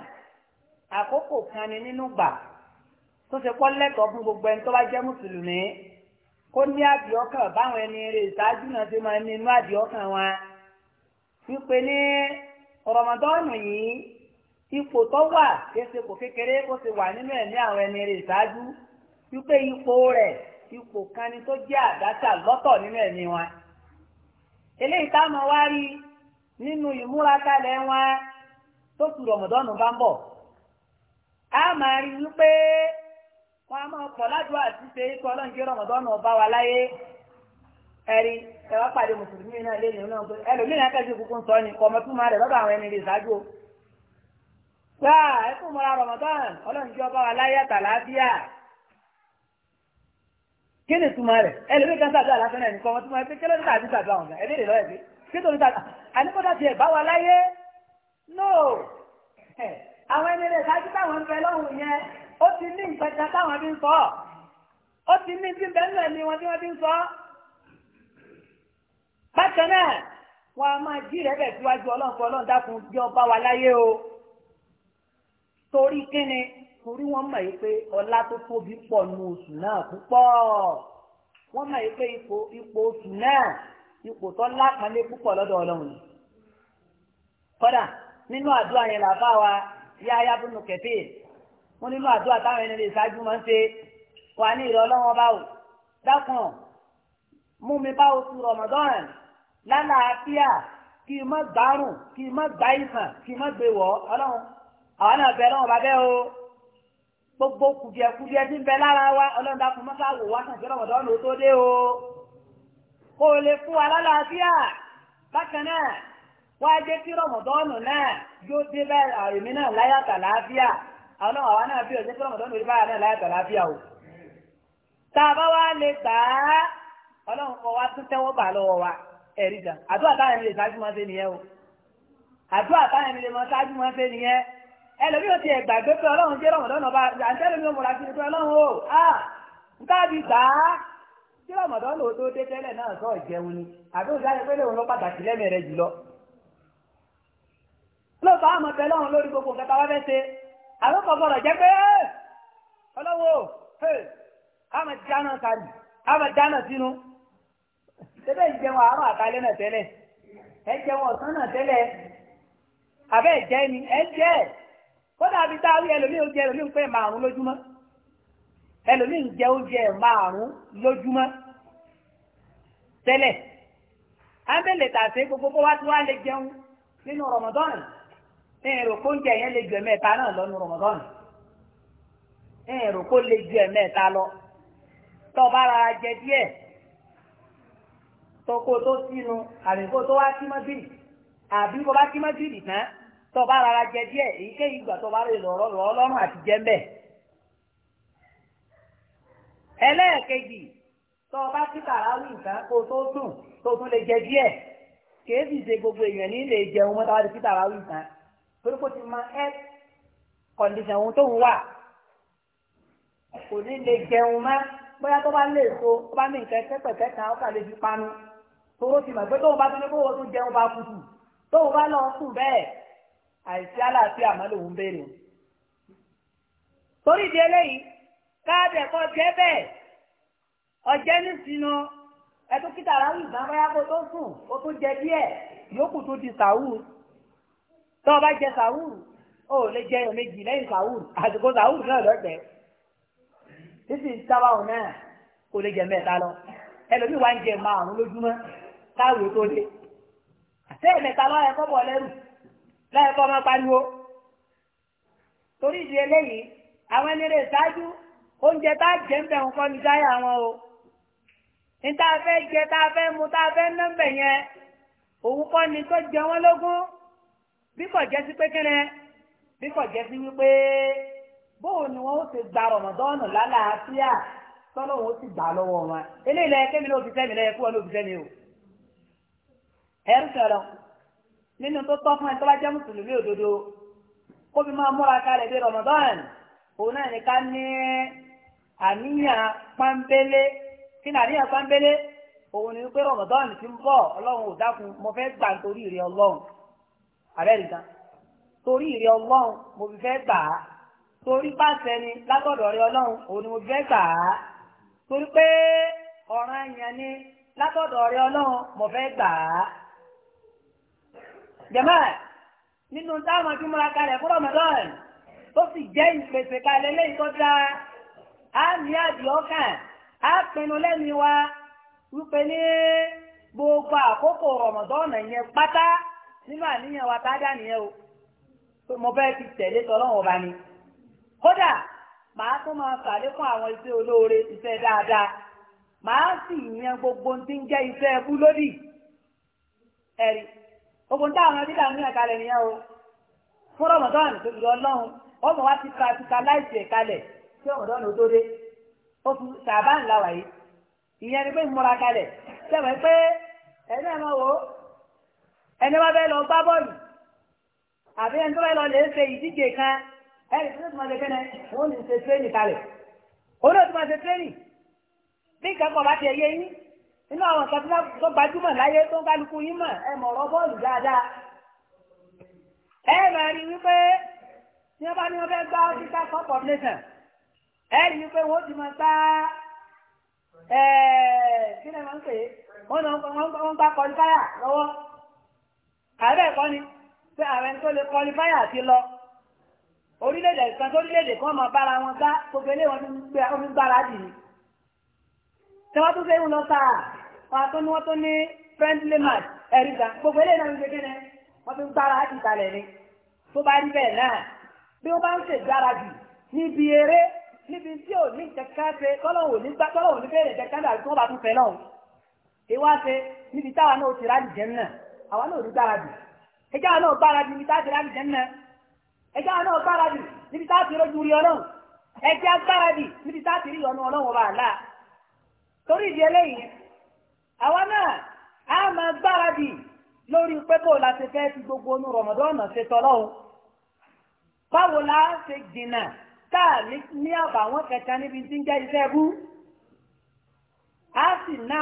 àkókò kan ni nínú gbà tó ṣe kọ́ lẹ́tọ̀ọ́ fún gbogbo ẹni tó bá jẹ́ mùsùlùmí kó ní àdìọ́kàn báwọn ẹni rè na náà ti máa nínú àdìọ́kàn wa wípé ní rọmọdọ́ọ̀nù yìí ipò tó wà kése kékeré ó ti wà nínú ẹ̀mí àwọn ẹni rè ṣáájú wípé ipò rẹ̀ ipò kan tó jẹ́ àdáṣà lọ́tọ̀ nínú ẹ̀mí wa eléyìí táwọn wá rí nínú ìmúrakalẹ̀ tó tu rọmọdọ́ọ̀nù bá ń wọn a máa pọ̀ ládùú àti ṣe ikọ̀ ọlọ́run jẹ́ rọmọdọ́nù ọba wa láyé ẹ̀rí ẹ̀wá pàdé mùsùlùmí náà lé nìyẹn náà ẹlòmíì náà kẹ́sì kúkú ń sọ ni kọ́ ọmọtúmọ̀ rẹ̀ lọ́dọ̀ àwọn ẹni rẹ̀ ṣáájú o. gbà ẹ fún mọ́ra rọmọdọ́nù ọlọ́run jẹ́ ọba wa láyé àtàlábíà kí ni túmọ̀ rẹ̀ ẹlòmíì kan sàdúrà lásán náà ní kọ́ ọmọtúmọ̀ rẹ̀ pé kí ló ní tàbí sàdúrà wọn ẹ̀ lédè lọ́yẹ̀ pé kí ló ní tàbí àníkọ́dà tiẹ̀ bá wa láyé no àwọn ẹni rẹ̀ ṣáájú táwọn ń fẹ́ lọ́hùn yẹn ó ti ní nǹkan táwọn bí ń sọ ó ti ní bí bẹ́ẹ̀ náà ni wọ́n bí wọ́n bí ń sọ. bákan náà wọn a máa jí rẹ̀ bẹ̀ síwájú ọlọ́run fún ọlọ́run dákun bí ọba wa láyé o torí kíni torí wọ́n mọ̀ yìí pé ọlá tó tóbi pọ̀ nu oṣù náà púpọ̀ wọ́n mọ̀ yìí pé ipò ipò oṣù náà ipò tó lápọnlé púpọ̀ lọ́dọ̀ ọlọ́run kódà nínú àdúrà yẹn làbá wa yáyá bínú kẹfíìn wọn nínú àdúrà táwọn ẹni lè ṣáájú máa ń ṣe wà ní ìrọ̀ ọlọ́wọ́n báwò dákun mú mi báwo tu rọmọdọ́rùn lálàáfíà kí n má gbárùn kí n má gbá ìsàn kí n má gbé wọ́ ọlọ́run àwọn náà bẹ ọlọ́run bàbẹ́ o gbogbo kùdìẹ̀kùdìẹ̀ ti ń bẹ lára wa ọlọ́run dákun mọ́ká wò wá sàn sí rọmọdọ́rùn tó dé o kó o lè fún wa lálàáfíà bákan náà wá jẹ́ kí rọmọdọ́rùn náà yóò dé bẹ́ẹ̀ àrèmí náà láyàtà láàfíà àwọn náà àwọn náà bí ọ̀sẹ̀ kí ọmọdé orí báyà náà láyàtọ̀ láfíà o tá a bá wá lè gbà á ọlọ́run kọ wá tún tẹ́wọ́ bà lọ́wọ́ wa ẹ̀rí jà àdúrà táwọn ẹni lè ṣáájú máa ń ṣe nìyẹn o àdúrà táwọn ẹni lè máa ṣáájú máa ń ṣe nìyẹn ẹlòmí ò ti ẹ̀gbà gbé pé ọlọ́run jẹ́ ọmọdé ọ̀nà bá àǹtẹ́ lómi ò múra sí pé ọlọ́run o a nǹkan àbí gbà á tí ọmọdé ọ̀nà tó dé tẹ́lẹ̀ náà sọ ìjẹun ni àbí òjá yẹ pé lóun lọ àwọn kan gbọ́dọ̀ jẹ́ pé ọlọ́wọ́ àmọ̀ dáná kárì àmọ̀ dáná sínú tẹ́lẹ̀ ń jẹun àárọ̀ àtàlẹ́ náà tẹ́lẹ̀ ẹ jẹun ọ̀sán náà tẹ́lẹ̀ àbẹ́ ìjẹ́ ni ẹ jẹ́ kódà bí táwí ẹlòmíì oúnjẹ ẹlòmíì ń pè márùn lójúmọ́ ẹlòmíì ń jẹ oúnjẹ márùn lójúmọ́ tẹ́lẹ̀ ábẹ́lẹ̀ tàṣe gbogbo bó wá tí wá lè jẹun nínú rọ̀mọ̀dọ́nù ẹ̀rọ kó ń jẹ yẹn lè ju ẹ̀mẹ́ta náà lọ́nu Ramadan ẹ̀rọ kó lè ju ẹ̀mẹ́ta lọ tó bá ra jẹ díẹ̀ tó kó tó sínú àbí kó tó wá sí mọ́bìlì àbí kó bá sí mọ́bìlì tán tó bá ra jẹ díẹ̀ èyíkéyìí ìgbà tó bá lè lọ́rọ́ lọ́rùn àti jẹ́ ẹlẹ́ẹ̀kejì tó bá sí kàráwì nǹkan kó tó sùn tó tún lè jẹ díẹ̀ kéèbì ṣe gbogbo èèyàn ní ilé ìjẹun mọ́tàwá sí kàráwì nǹkan torí kò ti mọ ẹ́ kọ̀ǹdíṣàn ohun tó ń wà kò ní lè jẹun mọ́ bóyá tó bá lè so tó bá ní nǹkan pẹ́pẹ́pẹ́ kan ó kà lè fi panu toró ti mọ̀ pé tóun bá tún ní kówó tó jẹun bá kùtù tóun bá lọ sùn bẹ́ẹ̀ àìsí aláàfíà mọ́ lòun béèrè torí ìdí eléyìí káàdì ẹ̀kọ́ jẹ́ bẹ́ẹ̀ ọjẹ́ ní sinú ẹtú aráàlú ìgbà bóyá kó tó sùn kó tó jẹ díẹ̀ yòókù tó di sàwùú tọ́ ọba jẹ sàwùrù ó lè jẹ ẹyọ méjì lẹ́yìn sàwùrù àsìkò sàwùrù náà lọ́gbẹ̀ẹ́ títí sábà òun náà kò lè jẹ mẹ́ta lọ ẹlòmíì wá ń jẹ márùn lójúmọ́ káwé tó dé àti ẹ̀mẹ́ta lọ́yẹ kọ́ bọ̀ lẹ́rù lọ́yẹ kọ́ máa pariwo torí ìdí eléyìí àwọn ẹni ṣáájú oúnjẹ tá a jẹ ń bẹ̀ ń kọ́ ní dáyà wọn o ní tá a fẹ́ jẹ tá a fẹ́ mu tá a fẹ́ ná ni tó jẹ bí kò jẹ́ sí pé kẹ́lẹ́ bí kò jẹ́ sí wípé bóun ni wọ́n ti gba rọ̀mọ̀dọ́ọ̀nù lálàáfíà tọ́lọ́ wọn ó gbà lọ́wọ́ wọn eléyìí lẹ́yìn kémi ní òfìsẹ́ mi o ẹ̀rù sọ̀rọ̀ nínú tó tọ́ fún ẹ tó bá jẹ́ mùsùlùmí òdodo kó fi máa múra bí òun náà ní àníyàn kí àníyàn òun ni ti ń bọ̀ ọlọ́run ò dákun ààrẹ nìkan torí ìrẹ ọlọ́run mo fi fẹ́ gbà á torí pàṣẹ ni látọ̀dọ̀ rẹ ọlọ́run òun ni mo fi fẹ́ gbà á torí pé ọ̀ràn ẹ̀yàn ni látọ̀dọ̀ rẹ ọlọ́run mo fẹ́ gbà á. jẹ̀mọ́ nínú táwọn tí múra kalẹ̀ fún Ramadan tó sì jẹ́ ìpèsè kalẹ̀ lẹ́yìn tó dáa á ní àdìọ́kàn á pinnu lẹ́nu wa wípé ní gbogbo àkókò Ramadan yẹn pátá. nínú àníyàn wa tá o mo fẹ́ ti tẹ̀lé ọba ni kódà màá tún máa ṣàlékún àwọn iṣẹ́ olóore iṣẹ́ dáadáa màá sì yan gbogbo tí ń jẹ́ iṣẹ́ ẹ̀rí gbogbo tí àwọn ẹbí dàmú yàn o fún rọmọdọ́ọ̀nù tó ti ka ti ka láìsí ẹ̀ kalẹ̀ tí rọmọdọ́ọ̀nù tó dé ó fi sàbá ńlá wáyé ìyẹn ni pé kalẹ̀ sẹ́wọ̀n pé ẹ̀ ẹni wá bẹ́ẹ̀ lọ gbá bọ́ọ̀lù àbí ẹni tó bẹ́ẹ̀ lọ lè ṣe ìdíje kan ẹni tó tún máa ṣe kẹ́nẹ́ wọ́n lè ṣe tírénì kalẹ̀ òun náà tún máa ṣe tírénì bí nǹkan kan bá ti ẹ̀yẹ yín inú àwọn nǹkan tó gbajúmọ̀ láyé tó ń kálukú yín mọ̀ ẹ mọ̀ ọ̀rọ̀ bọ́ọ̀lù dáadáa ẹ máa rí wípé tí wọ́n bá ní wọ́n fẹ́ gbá ọ́fíìsà cup of nation ẹ rí wípé wọ́n ti máa gbá ẹ̀ẹ́ ni wọ́n ń pè é wọ́n ń ààrẹ ẹ̀kọ́ ni pé ààrẹ tó lè kọlifáyà àti lọ orílẹ̀-èdè ìsan tó orílẹ̀-èdè kan máa bára wọn sá gbogbo ilé wọn fi gbára dì ní tí wọ́n tún fẹ́ ń lọ sáà wọn tó ní wọ́n tó ní friendly match ẹ̀rí gan gbogbo ilé náà ń gbé kéne wọ́n fi gbára dì kalẹ̀ ni tó bá rí bẹ́ẹ̀ náà bí wọ́n bá ń ṣe gbáradì níbi eré níbi tí ò ní kẹ̀kẹ́ ṣe tọ́lọ́wò ní gbá tọ́lọ́wò ní bẹ́ẹ̀rẹ̀ kẹ̀kẹ́ dàbí tí wọ́n bá tún fẹ́ náà ìwá ṣe níbi táwa náà ti rádìí jẹ́ náà àwa náà ò ní gbáradì ẹjẹ́ àwọn náà gbáradì níbi táàtì láti jẹ́nà ẹjẹ́ àwọn náà gbáradì níbi táàtì rọ́jú rí ọlọ́run ẹjẹ́ gbáradì níbi táàtì rí ọ̀nà ọlọ́run ọba àlá torí ìdí eléyìí àwa náà á máa gbáradì lórí pé bó la ṣe fẹ́ fi gbogbo onú rọ̀mọ̀dọ́nà ṣe tọ́lọ́run báwo la ṣe jìnnà táà ní àbàwọ́n kẹta níbi tí ń jẹ́ iṣẹ́ bú á sì ná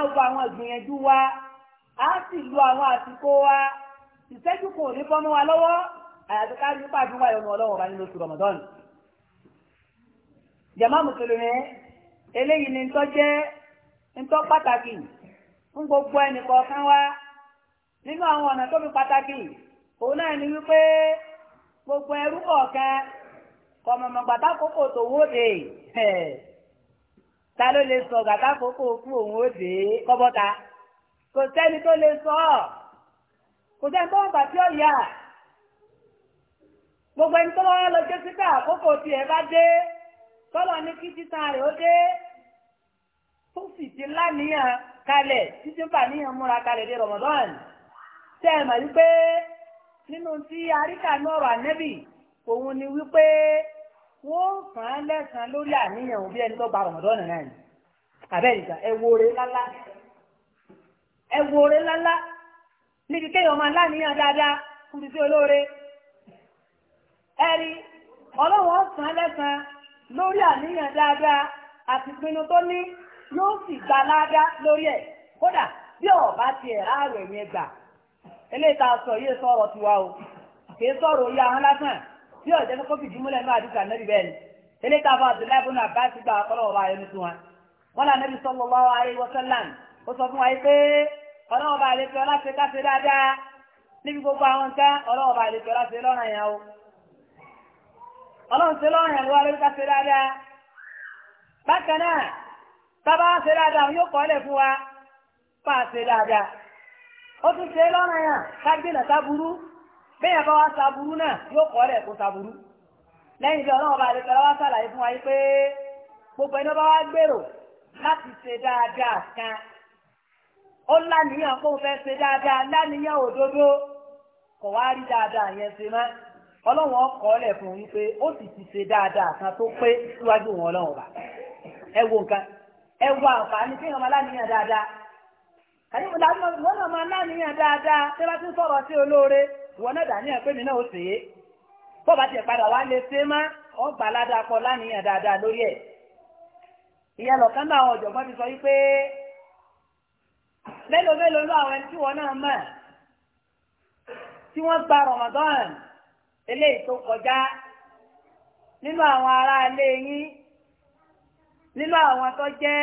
a ti lu àwọn àsìkò wa ìṣẹ́jú kò ní bọ́ mọ́ wa lọ́wọ́ àyàfi ká ní pàdé wáyé ọlọ́wọ́ bá Ramadan jama mùsùlùmí eléyìí ni ntọ́ jẹ́ ntọ pàtàkì fún gbogbo ẹnì kọ̀ọ̀kan wa nínú àwọn ọ̀nà tó fi pàtàkì òun náà ni wípé gbogbo ẹrú kọ̀ọ̀kan kọ̀mọ̀mọ̀ gbàtàkókò tó ta ló lè sọ gbàtàkókò kú òun ó kò sẹ́ni tó lè sọ ọ́ kò sẹ́ni tó ń bà tí ó yà gbogbo ẹni tó wọ́n lọ jẹ́ síta àkókò tiẹ̀ bá dé tọ́lọ̀ ní kí títan rẹ̀ ó dé tó sì ti láníyàn kalẹ̀ títí bà níyàn múra kalẹ̀ dé Ramadan tẹ́ ẹ̀ mọ̀ wípé nínú tí aríkà náà wà nẹ́bì òun ni wípé wọ́n fàn án lẹ́sàn-án lórí àníyàn òbí ẹni tó gba Ramadan náà ni àbẹ́ ìgbà ẹ wo re lálá. ẹ̀wù oore ńláńlá níbi kéèyàn máa láníyàn dáadáa fún bíbí olóore ẹ̀rí ọlọ́wọ́ sàn lẹ́sàn lórí àníyàn dáadáa àti pinnu tó ní yóò sì lórí ẹ̀ kódà bí tiẹ̀ ààrẹ yẹn gbà a sọ sọ̀rọ̀ o kìí sọ̀rọ̀ lásán bí ọ̀jẹ́ kókó fìdí múlẹ̀ náà àdúgbò ànábì bẹ́ẹ̀ ni eléyìí tá a fọ Abdullahi ibn Abbas gba ọlọ́wọ́ bá wọn ó sọ fún ọlọ́wọ́ bá àlejò ọláṣẹ káṣe dáadáa níbi gbogbo àwọn nǹkan ọlọ́wọ́ bá àlejò ọláṣẹ lọ́rùn yẹn o ọlọ́run ṣe lọ́rùn yẹn lọ́wọ́ lórí káṣe dáadáa bákan náà tábà ṣe dáadáa yóò kọ́ lẹ̀ fún wa bá a ṣe dáadáa ó tún ṣe lọ́rùn yẹn kágbénà sábúrú bẹ́ẹ̀ bá wa sábúrú náà yóò kọ́ lẹ̀ kó sábúrú lẹ́yìn tí ọlọ́run bá àlejò ọlọ́wọ́ sàlàyé fún wa yìí pé gbogbo ẹni bá wa gbèrò láti ṣe dáadáa ó láníyàn kó fẹ́ ṣe dáadáa láníyàn òdodo kò wá rí dáadáa yẹn ṣe mọ́ ọlọ́wọ́n kọ́ fún yín pé ó sì ti ṣe dáadáa kan tó pé síwájú wọn ọlọ́wọ́n bá ẹ wo nǹkan ẹ wo àǹfààní kí wọn máa láníyàn dáadáa àti wọn làwọn wọn náà máa láníyàn dáadáa tí wọn ti ń sọ̀rọ̀ sí olóore wọn náà dàníyàn pé mi náà ó ṣe é mélòó mélòó ló àwọn tí wọn náà mọ̀ tí wọ́n gba Ramadan eléyìí tó kọjá nínú àwọn ará ilé yín nínú àwọn tó jẹ́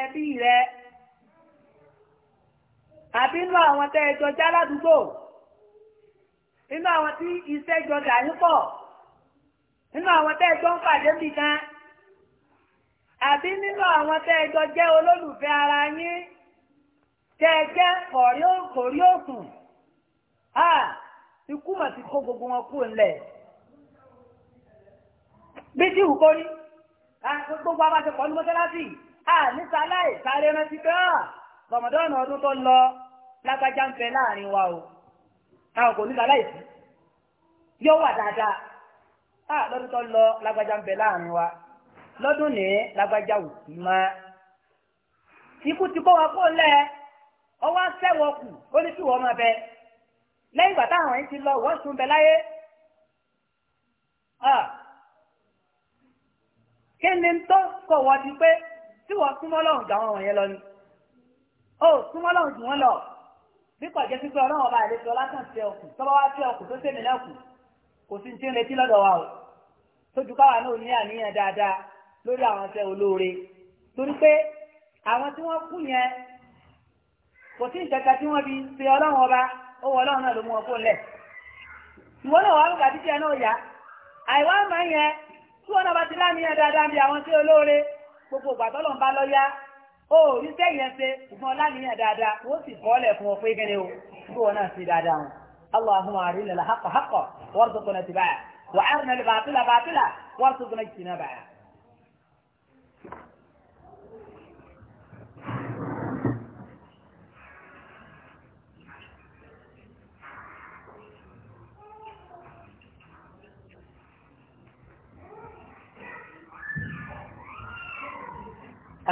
ẹbí rẹ àbí nínú àwọn tẹ́ ẹ já ládùúgbò nínú àwọn tí iṣẹ́ jọ dà yín pọ̀ nínú àwọn tẹ́ ẹ ń pàdé bì kan àbí nínú àwọn tẹ́ ẹ jẹ́ olólùfẹ́ ara yín tẹ́ẹ̀jẹ́ kòrí òsùn a ikú mà ti kó gbogbo wọn kú ńlẹ̀ bí tí ìwù kórí gbogbo abáṣepọ̀ ní mọ́sálásì a níta láì sáré rántí pé a rọmọdọ́nà ọdún tó lọ lágbájá ń fẹ́ láàrin wa o àwọn kò níta láì sí yóò wà dáadáa a lọ́dún tó lọ lágbájá ń fẹ́ láàrin wa lọ́dún ní lágbájá ò sí mọ́ ikú ti kó wọn kú ńlẹ̀ ọwọ́ sẹ́wọ̀ kù ó ní kí wọ́n máa bẹ lẹ́yìn ìgbà táwọn yìí ti lọ wọ́n sùn bẹ láyé kí ni tó kọ̀ wọ́n ti pé tí wọ́n súnmọ́ lọ́hùn jà wọn wọ̀nyẹn lọ ni ó súnmọ́ lọ́hùn jù wọ́n lọ bí kò jẹ́ pípẹ́ ọlọ́run ọba àlejò ọlásàn tẹ ọkùn tọ́ba wá tẹ ọkùn tó tẹ̀mí lẹ́kùn kò sí ti ń retí lọ́dọ̀ wa o tójú káwa náà ní àníyàn dáadáa lórí àwọn iṣẹ́ olóore torí pé àwọn tí wọ́n kú yẹn kò sí ìkẹta tí wọ́n fi ṣe ọlọ́run ọba ó wọ ọlọ́run náà ló mú ọkọ lẹ̀ ìwọ náà wà lùkà títí ẹ náà àìwá máa ń yẹ tí náà bá ti láàmì yẹn dáadáa bí àwọn tí olóore gbogbo ìgbà tọ́lọ̀ ń bá ó rí ṣùgbọ́n láàmì yẹn dáadáa wọ́n sì fún ọ pé o náà ṣe dáadáa wọn.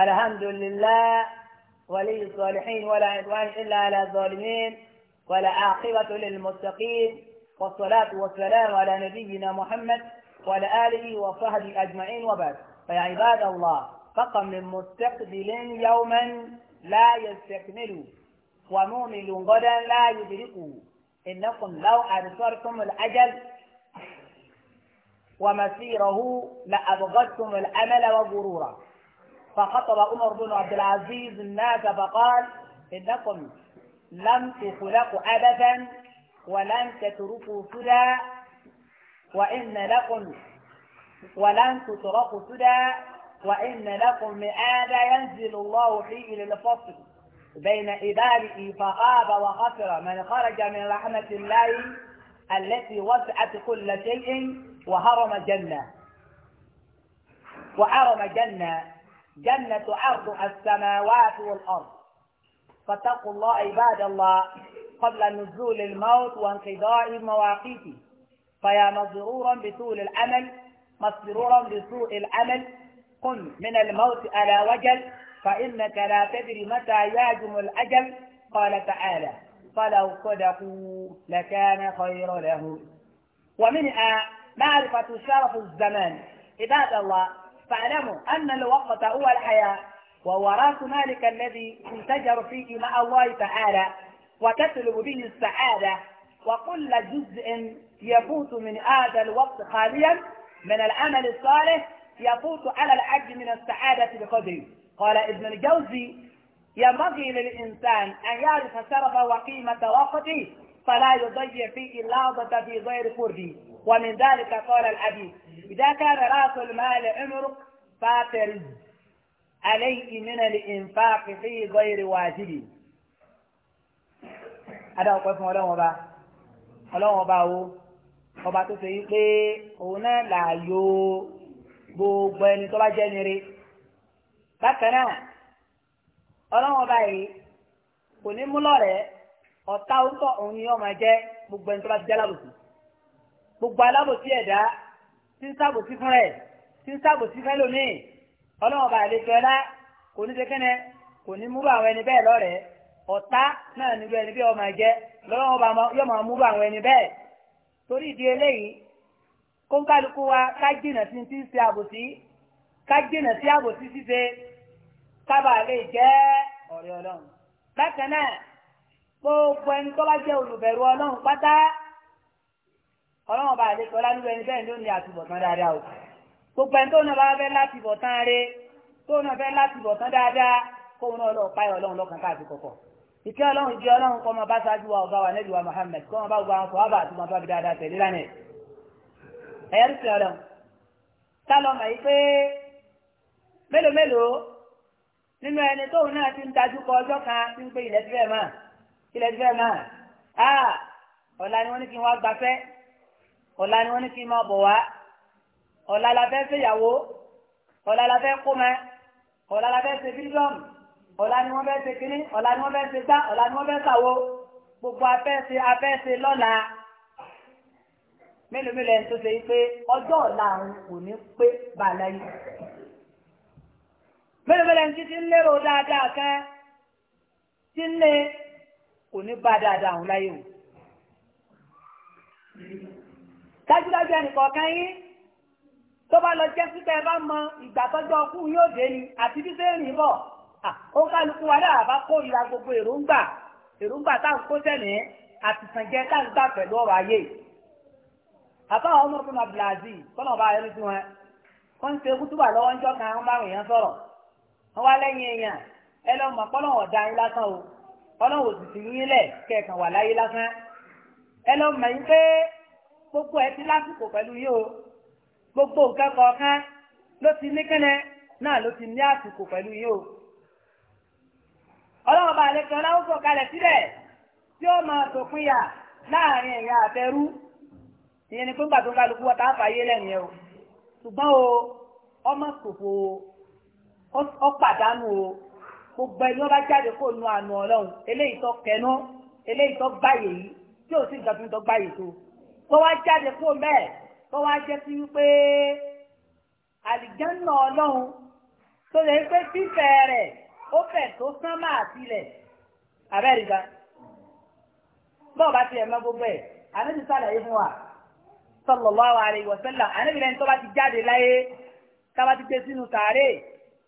الحمد لله ولي الصالحين ولا عدوان إلا على الظالمين ولا عاقبة للمتقين والصلاة والسلام على نبينا محمد وعلى آله وصحبه أجمعين وبعد فيا عباد الله فقم من مستقبل يوما لا يستكمل ومؤمن غدا لا يدركه إنكم لو أبصرتم الأجل ومسيره لأبغضتم الأمل وغرورا فخطب عمر بن عبد العزيز الناس فقال إنكم لم تخلقوا أبدا ولن تتركوا سدى وإن لكم ولن تتركوا سدى وإن لكم مئات ينزل الله فيه للفصل بين عباده فغاب وخسر من خرج من رحمة الله التي وسعت كل شيء وهرم جنة وحرم جنة جنة عرضها السماوات والأرض فاتقوا الله عباد الله قبل نزول الموت وانقضاء مواقيته فيا مضرورا بطول العمل مسرورا بسوء العمل قم من الموت على وجل فإنك لا تدري متى يهجم الأجل قال تعالى فلو صدقوا لكان خير لهم ومنها معرفة شرف الزمان عباد الله فاعلموا أن الوقت هو الحياة وهو رأس مالك الذي انتجر فيه مع الله تعالى وتسلب به السعادة وكل جزء يفوت من هذا الوقت خاليا من العمل الصالح يفوت على العبد من السعادة بقدره قال ابن الجوزي ينبغي للإنسان أن يعرف سبب وقيمة وقته فلا يضيع فيه لحظة في غير قربه ومن ذلك قال الحديث إذا كان رأس المال عمرك فاقرز علي من الإنفاق في غير واجب هذا أقول لكم ولو أبا ولو أبا هو ọba tó ṣe yí pé òun náà lààyò gbogbo ẹni tó bá jẹ́ nire bákan náà ọlọ́wọ́n ọba yìí kò ní mú lọ́rẹ̀ẹ́ ọ̀tá orúkọ òun ni yóò máa gbogbo ẹni tó bá ti jẹ́ alábòsí gbogbo alábòsí ẹ̀dá tí ń sàbòsí fún rẹ̀ tí ń sàbòsí fẹ́lòmíì ọlọ́run bá àlejò ọlá kò ní sekẹ́nẹ kò ní àwọn ẹni bẹ́ẹ̀ lọ́rẹ̀ẹ́ ọ̀tá náà ẹni bí ọmọ ẹ̀jẹ̀ lọ́wọ́ bá yọ máa múrò àwọn ẹni bẹ́ẹ̀ torí ìdí eléyìí kóńkálukú wa ká jìnà sí ti ń àbòsí ká ọlọ́wọ́n bá àlejò ọlánúwò ẹni bẹ́ẹ̀ ló ní àtúbọ̀tán dáadáa o gbogbo ẹni tó náà bá fẹ́ láti bọ̀tán rẹ tó náà fẹ́ láti bọ̀tán dáadáa kó wọn náà lọ páyọ̀ ọlọ́run lọ́kàn káàkiri kọ̀kọ̀ ìkẹ́ ọlọ́run jẹ́ ọlọ́run kọ́ ọmọ bá ṣáájú wa ọba wa nẹ́bí wa Muhammad kọ́ ọmọ bá gbogbo àwọn sọ̀hábà àti ọmọ bá fi dáadáa tẹ̀lé lánàá ẹ̀yẹ́ ń sìn ọlọ́run tá lọ mọ̀ yìí pé mélòó mélòó nínú ẹni tóun náà ti ń tajú kọ ọjọ́ kan tí ń pé ilẹ̀ ti fẹ́ máa ilẹ̀ ti fẹ́ máa ah, ọ̀la ni wọ́n ní kí n wá gbafẹ́ ọ̀la ni wọ́n ní kí n máa bọ̀ wá ọ̀la la fẹ́ ṣèyàwó ọ̀la la fẹ́ kó mẹ́ ọ̀la la fẹ́ ṣe bílíọ̀mù ọ̀la ni wọ́n fẹ́ ṣe kínní ọ̀la ni wọ́n fẹ́ ṣe gbá ọ̀la ni wọ́n fẹ́ ṣàwo gbogbo afẹ́ ṣe afẹ́ ṣe lọ́la mélòó mélòó ẹni tó ṣe yí pé ọjọ́ ọ̀la àwọn kò ní pé bàálá yìí mélòó mélòó ẹni títí ń lérò dáadáa kan tí ń lé kò ní bá dáadáa àwọn láyé o dájúdájú ẹnìkọ̀ọ̀kan yín tó bá lọ jẹ́ síkẹ́ bá mọ ìgbà tọ́jọ́ ọkú yóò dé ni àti bí sẹ́yìn bọ̀ ó kálukú wa náà bá kórìíra gbogbo èròǹgbà èròǹgbà tá à ń kó sẹ́ni àtìsànjẹ tá à ń gbà pẹ̀lú ọ̀rọ̀ ayé àtàwọn ọmọ fún abdulaziz kọ́nà ọba ayọ́lú sí wọn wọ́n ń ṣe kútùbà lọ́wọ́ ńjọ́ kan wọ́n bá àwọn èèyàn sọ̀rọ̀ wọ́n wá lẹ́yìn èèyàn ẹ lọ́ mọ̀ pọ́lọ́wọ̀ da yín lásán o pọ́lọ́wọ̀ sì ti yín lẹ̀ kẹ̀kan wà láyé lásán ẹ lọ́ mọ̀ yín pé gbogbo ẹ̀ ti lásìkò pẹ̀lú yìí o gbogbo nǹkan kọ̀ọ̀kan ló ti ní kẹ́nẹ́ náà ló ti ní àsìkò pẹ̀lú yìí o. ọlọ́run bá lè láwùjọ kalẹ̀ tí ó máa tòpin yà láàrin ẹ̀yà àtẹrú ìyẹn ni pé ńgbà tó kálukú a fàyè o ṣùgbọ́n o ọmọ ó pàdánù o gbogbo ẹni wọn bá jáde kó nu àánú ọlọ́run eléyìí tó kẹnu eléyìí kó wá jáde kó mẹ́ẹ̀ kó wá jẹ́ sí wípé àlìjánná ọlọ́run tó lè pé fífẹ́ rẹ̀ ó fẹ̀ tó sán máa tilẹ̀ abẹ́rìgbà bọ́ọ̀ bá tilẹ̀ mọ́ gbogbo ẹ̀ àlejò sàlàyé fún wa sallallahu alaihi wa sallam ànábì lẹ́ni tó bá ti jáde láyé tába ti gbé sínú sàárè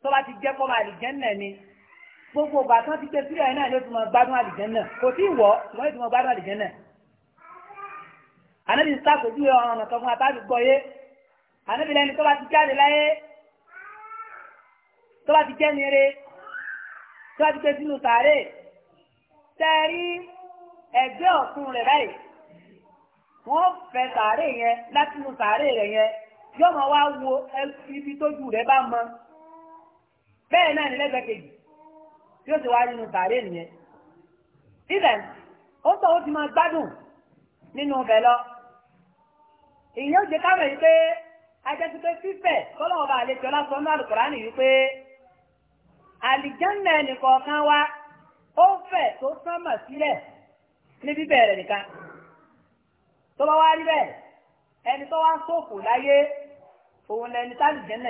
tó bá ti jẹ́ kọ́mọ àlìjẹ́nà ni gbogbo ìgbà tó ti gbé sílẹ̀ náà ló ti mọ gbádùn àlìjẹ́nà kò tí ì wọ̀ ṣùgbọ́n ló ti mọ gbádùn àlìjẹ́nà ànábì sàpèjúwe ọ̀ràn kan fún abájú gbọ́yé ànábì lẹ́ni tó bá ti jáde láyé tó bá ti jẹ́ nire tó bá ti pé sínú sàárè tẹ́rí ẹgbẹ́ ọ̀tún rẹ̀ báyìí wọ́n fẹ́ sàárè yẹn láti inú sàárè rẹ̀ yẹn yóò máa wá wo ibi tójú rẹ̀ bá mọ bẹ́ẹ̀ náà ní lẹ́gbẹ̀ẹ́ kejì tí ti wá nínú sàárè nìyẹn ibẹ̀ ó sọ ó ti máa gbádùn nínú ibẹ̀ lọ. ìyẹn ó jẹ káwọn yìí pé ajẹ́sí pé fífẹ̀ bá àlejò lásán ní àlùkùránì yìí pé àlìjánná ẹnìkọ̀ọ̀kan wa ó fẹ̀ tó sánmà ní bíbẹ̀ rẹ̀ nìkan tó bá wá rí bẹ́ẹ̀ ẹni tó wá sófò láyé òun lẹni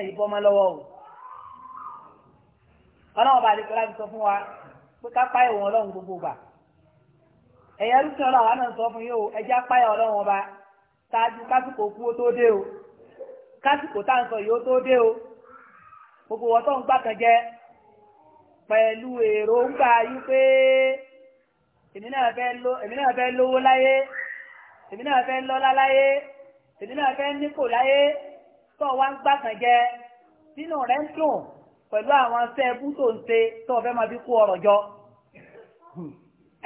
yìí o ọlọ́wọ́ bá àlejò láti sọ fún wa pé gbogbo gbà náà sọ fún ṣáájú kásìkò kú ó tó dé o kásìkò tá yìí ó tó dé o gbogbo wọn ń gbà kan jẹ pẹ̀lú èròǹgbà yí pé èmi náà fẹ́ lówó láyé èmi náà fẹ́ lọ́lá láyé èmi náà fẹ́ nípò láyé tó wá ń gbà kan jẹ nínú rẹ̀ ń dùn pẹ̀lú àwọn sẹ́ẹ̀bù tó ń ṣe tó fẹ́ máa fi kó ọ̀rọ̀ jọ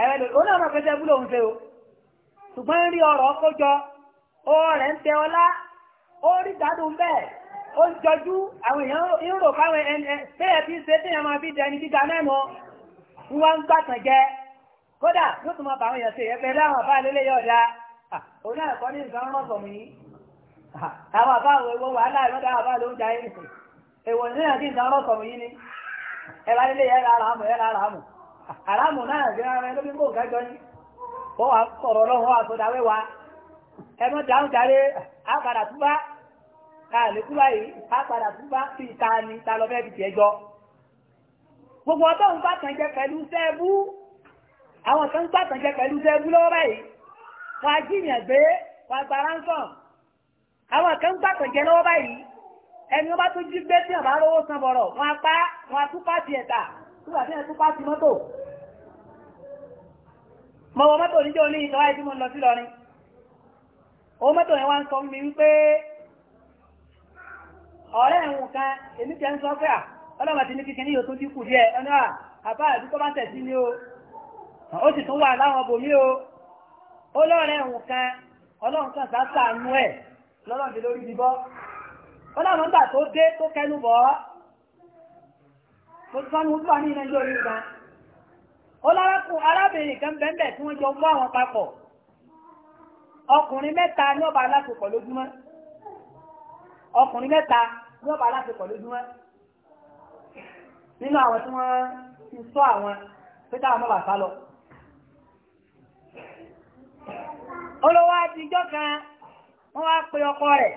ẹ̀rẹ́ lòdì ó náà máa fẹ́ sẹ́ẹ̀bù lòún ṣe o ṣùgbọ́n rí ọ̀rọ̀ kó jọ o rẹ̀ ń tẹ ọlá ó rí gbádùn bẹ́ẹ̀ ó ń jọjú àwọn èèyàn ń rò káwọn ẹ̀ẹ́fẹ́ fi ṣe tí èèyàn máa fi dẹni gíga mẹ́nu ń wá ń gbàtàn jẹ kódà ló tún máa bá àwọn èèyàn ṣe ẹ̀fẹ́ láwọn àbá lélẹ̀ òun náà kọ́ ní nǹkan ni ẹ bá lélẹ̀ yẹ láàmù yẹ láàmù àlámù ala gbé ara ẹmọ dáhùn dáre àpàdà túbá àlékúbá yìí àpàdà túbá fi ìta ni ta lọ fẹ́ fi tiẹ̀ jọ. gbogbo ọtọ́ ń bàtàn jẹ pẹ̀lú sẹ́ẹ̀bù àwọn kan ń bàtàn jẹ pẹ̀lú sẹ́ẹ̀bù lọ́wọ́ báyìí wọ́n á jìyàn gbé wọ́n á gba ránsọ̀n àwọn kan ń bàtàn jẹ lọ́wọ́ báyìí ẹni wọ́n bá tún jí gbé tí wọ́n bá rówó san bọ̀rọ̀ wọ́n á pa wọ́n á tún pàtì ẹ̀ta túbà tí wọ́n tún pàtì mọ́tò mọ̀wọ́ mọ́tò níjọ́ ó mọ́tò yẹn wá ń sọ mi wípé ọ̀rẹ́ ẹ̀hùn kan èmi jẹ́ ń sọ pé à ọlọ́mọ ti ní kíkẹ́ ní àbá ni o ó sì tún wà láwọn bòmí o ó lọ́rẹ̀ ẹ̀hùn kan ọlọ́run kan sáà nú ẹ̀ lọ́lọ́run ti lórí ọlọ́run gbà tó dé tó kẹnu mo ti sọ́nu ní ilẹ̀ yóò rí ó ọkùnrin mẹ́ta ní ọba aláṣepọ̀ lójúmọ́ ọkùnrin mẹ́ta ní ọba aláṣepọ̀ lójúmọ́ nínú àwọn tí wọ́n ti sọ àwọn pé táwọn mọ́bà sá lọ olówó àtijọ́ kan wọ́n wá pe ọkọ rẹ̀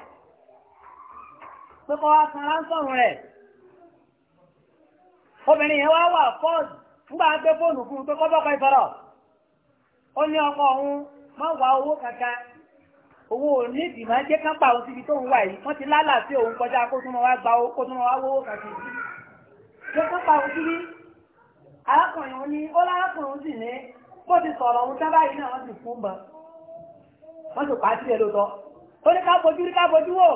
pé kọ́ wá san ránsọ̀rùn rẹ̀ obìnrin yẹn wá wà fọ́ọ̀dù nígbà gbé fóònù fún un pé kọ́ bọ́kọ ìfọ̀rọ̀ ó ní ọkọ òun má wá owó kankan owó òní ìdìmọ̀ jẹ́ kápá òun síbi tó ń wà yìí wọ́n ti lálà sí òun kọjá kó tún wá gba owó kó tún wá wówó kankan jẹ́ kápá òun síbi arákùnrin òun ní ó lárákùnrin òun sì ní bó ti sọ̀rọ̀ òun sábà yìí náà wọ́n sì fún bọ̀ wọ́n sì pàá sílẹ̀ lóòótọ́ ó ní ká bojú rí ká bojú wò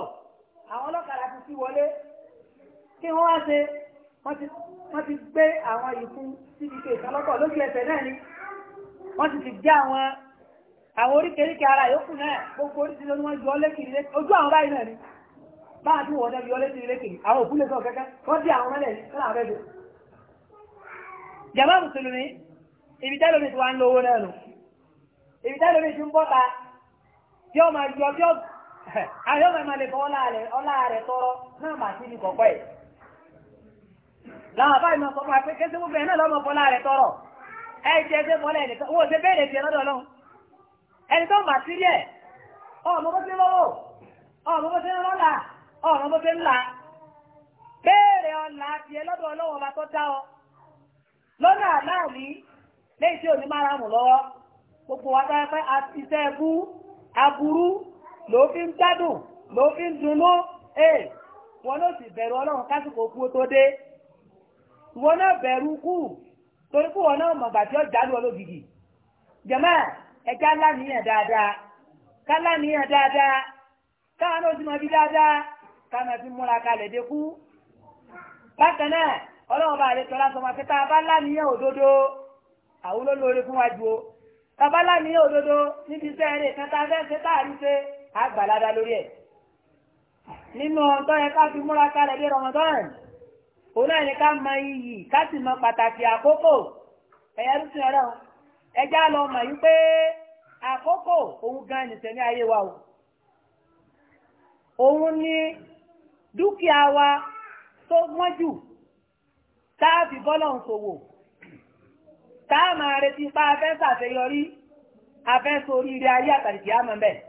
àwọn ọlọ́kadà ti sí wọlé kí wọ́n wá ṣe wọ́n ti gbé àwọn ìfún síbi kejì ọlọ́kọ̀ lójú àwọn oríkèríkè ara yòókù náà gbogbo oríṣi ló ní wọ́n yọ lékiri ojú àwọn báyìí náà ni báà tí wọ́n náà yọ lékiri lékiri àwọn òkú lè sọ kẹ́kẹ́ wọ́n dí àwọn mẹ́lẹ̀ ní ibi tẹ́lẹ̀ omi ti wá ń lo ibi tẹ́lẹ̀ omi ti ń bọ́ta tí ó máa ẹ̀. ẹni tó mà sí yẹ ọmọ bó ṣe lọ́wọ́ ọmọ bó ṣe ń rọ́là ọmọ bó ṣe ń là béèrè ọ̀là tiẹ̀ lọ́dọ̀ ọlọ́wọ́ ọba tó dá ọ lọ́nà àláàlí léyìí tí òní máa ra mù lọ́wọ́ gbogbo wa dára pé iṣẹ́ ẹbú aburú ló fi ń gbádùn ló fi ń dunnú ee wọn ló sì bẹ̀rù ọlọ́run kásìkò kú tó dé wọn náà bẹ̀rù kú torí kú wọn náà mọ̀gbà tí ó jálù ọ lógìgì jẹ̀mẹ́ẹ̀ ẹja láníyàn dáadáa ká láníyàn dáadáa káwọn náà ti mọ bí dáadáa káwọn ti múra kalẹ̀ dé kú. bákan náà ọlọ́run bá àlejò ọlá sọmọ pé tá a bá láníyàn òdodo àwọn olólóore fún wájú o tá a bá láníyàn òdodo níbi iṣẹ́ eré kan tá a fẹ́ ṣe tá a rí ṣe àgbàládá lórí ẹ̀. nínú ọ̀tọ́ yẹn ká fi múra kalẹ̀ dé rọmọdọ́rùn òun náà ní ká mọ iyì ká sì mọ pàtàkì àkókò ẹ̀yà rúṣin ẹjá lọ mọ̀ yí pé àkókò òun gan nìṣẹ́ ní ayé wa o òun ni dúkìá wa tó wọ́n jù táàbì bọ́lọ̀ ń ṣòwò táà máa retí pa afẹ́ ṣàṣeyọrí afẹ́ sórí ilé ayé àtàlìkì àmọ́ bẹ́ẹ̀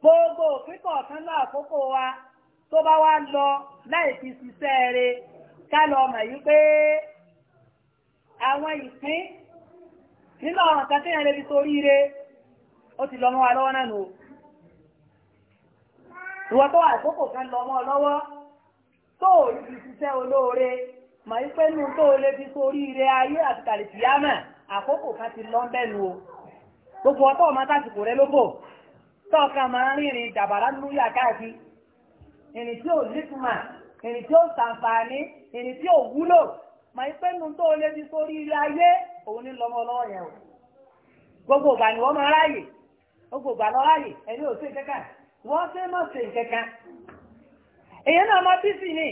gbogbo òfin kọ̀ọ̀kan náà àkókò wa tó bá wá lọ láì fi ṣiṣẹ́ rẹ̀ ká lọ mọ̀ yí pé àwọn ìpín nínú àwọn kan tí yẹn lè fi sórí ire ó ti lọ mọ́ wa lọ́wọ́ náà nù ìwọ tó wà àkókò kan lọ mọ́ lọ́wọ́ tó ò lè fi ṣiṣẹ́ olóore mà ń nù tó o lè fi sórí ire ayé àti kàlìkìyámà àkókò kan ti lọ bẹ́nu o gbogbo ọtọ́ ọmọ tásìkò rẹ lóbò tọ́ọ̀ká máa ń rìnrìn ìjàbára nínú yà káàkiri ìrìn tí ò nítumà ìrìn nù tó o lè fi sórí ire ayé òun ní lọmọ lọ́wọ́ yẹn o gbogbo ìgbà ni wọ́n máa ráàyè gbogbo ìgbà lọ́ ráàyè ẹni ò sí kankan wọ́n ṣe má ṣe kankan èyàn náà máa bí sí ni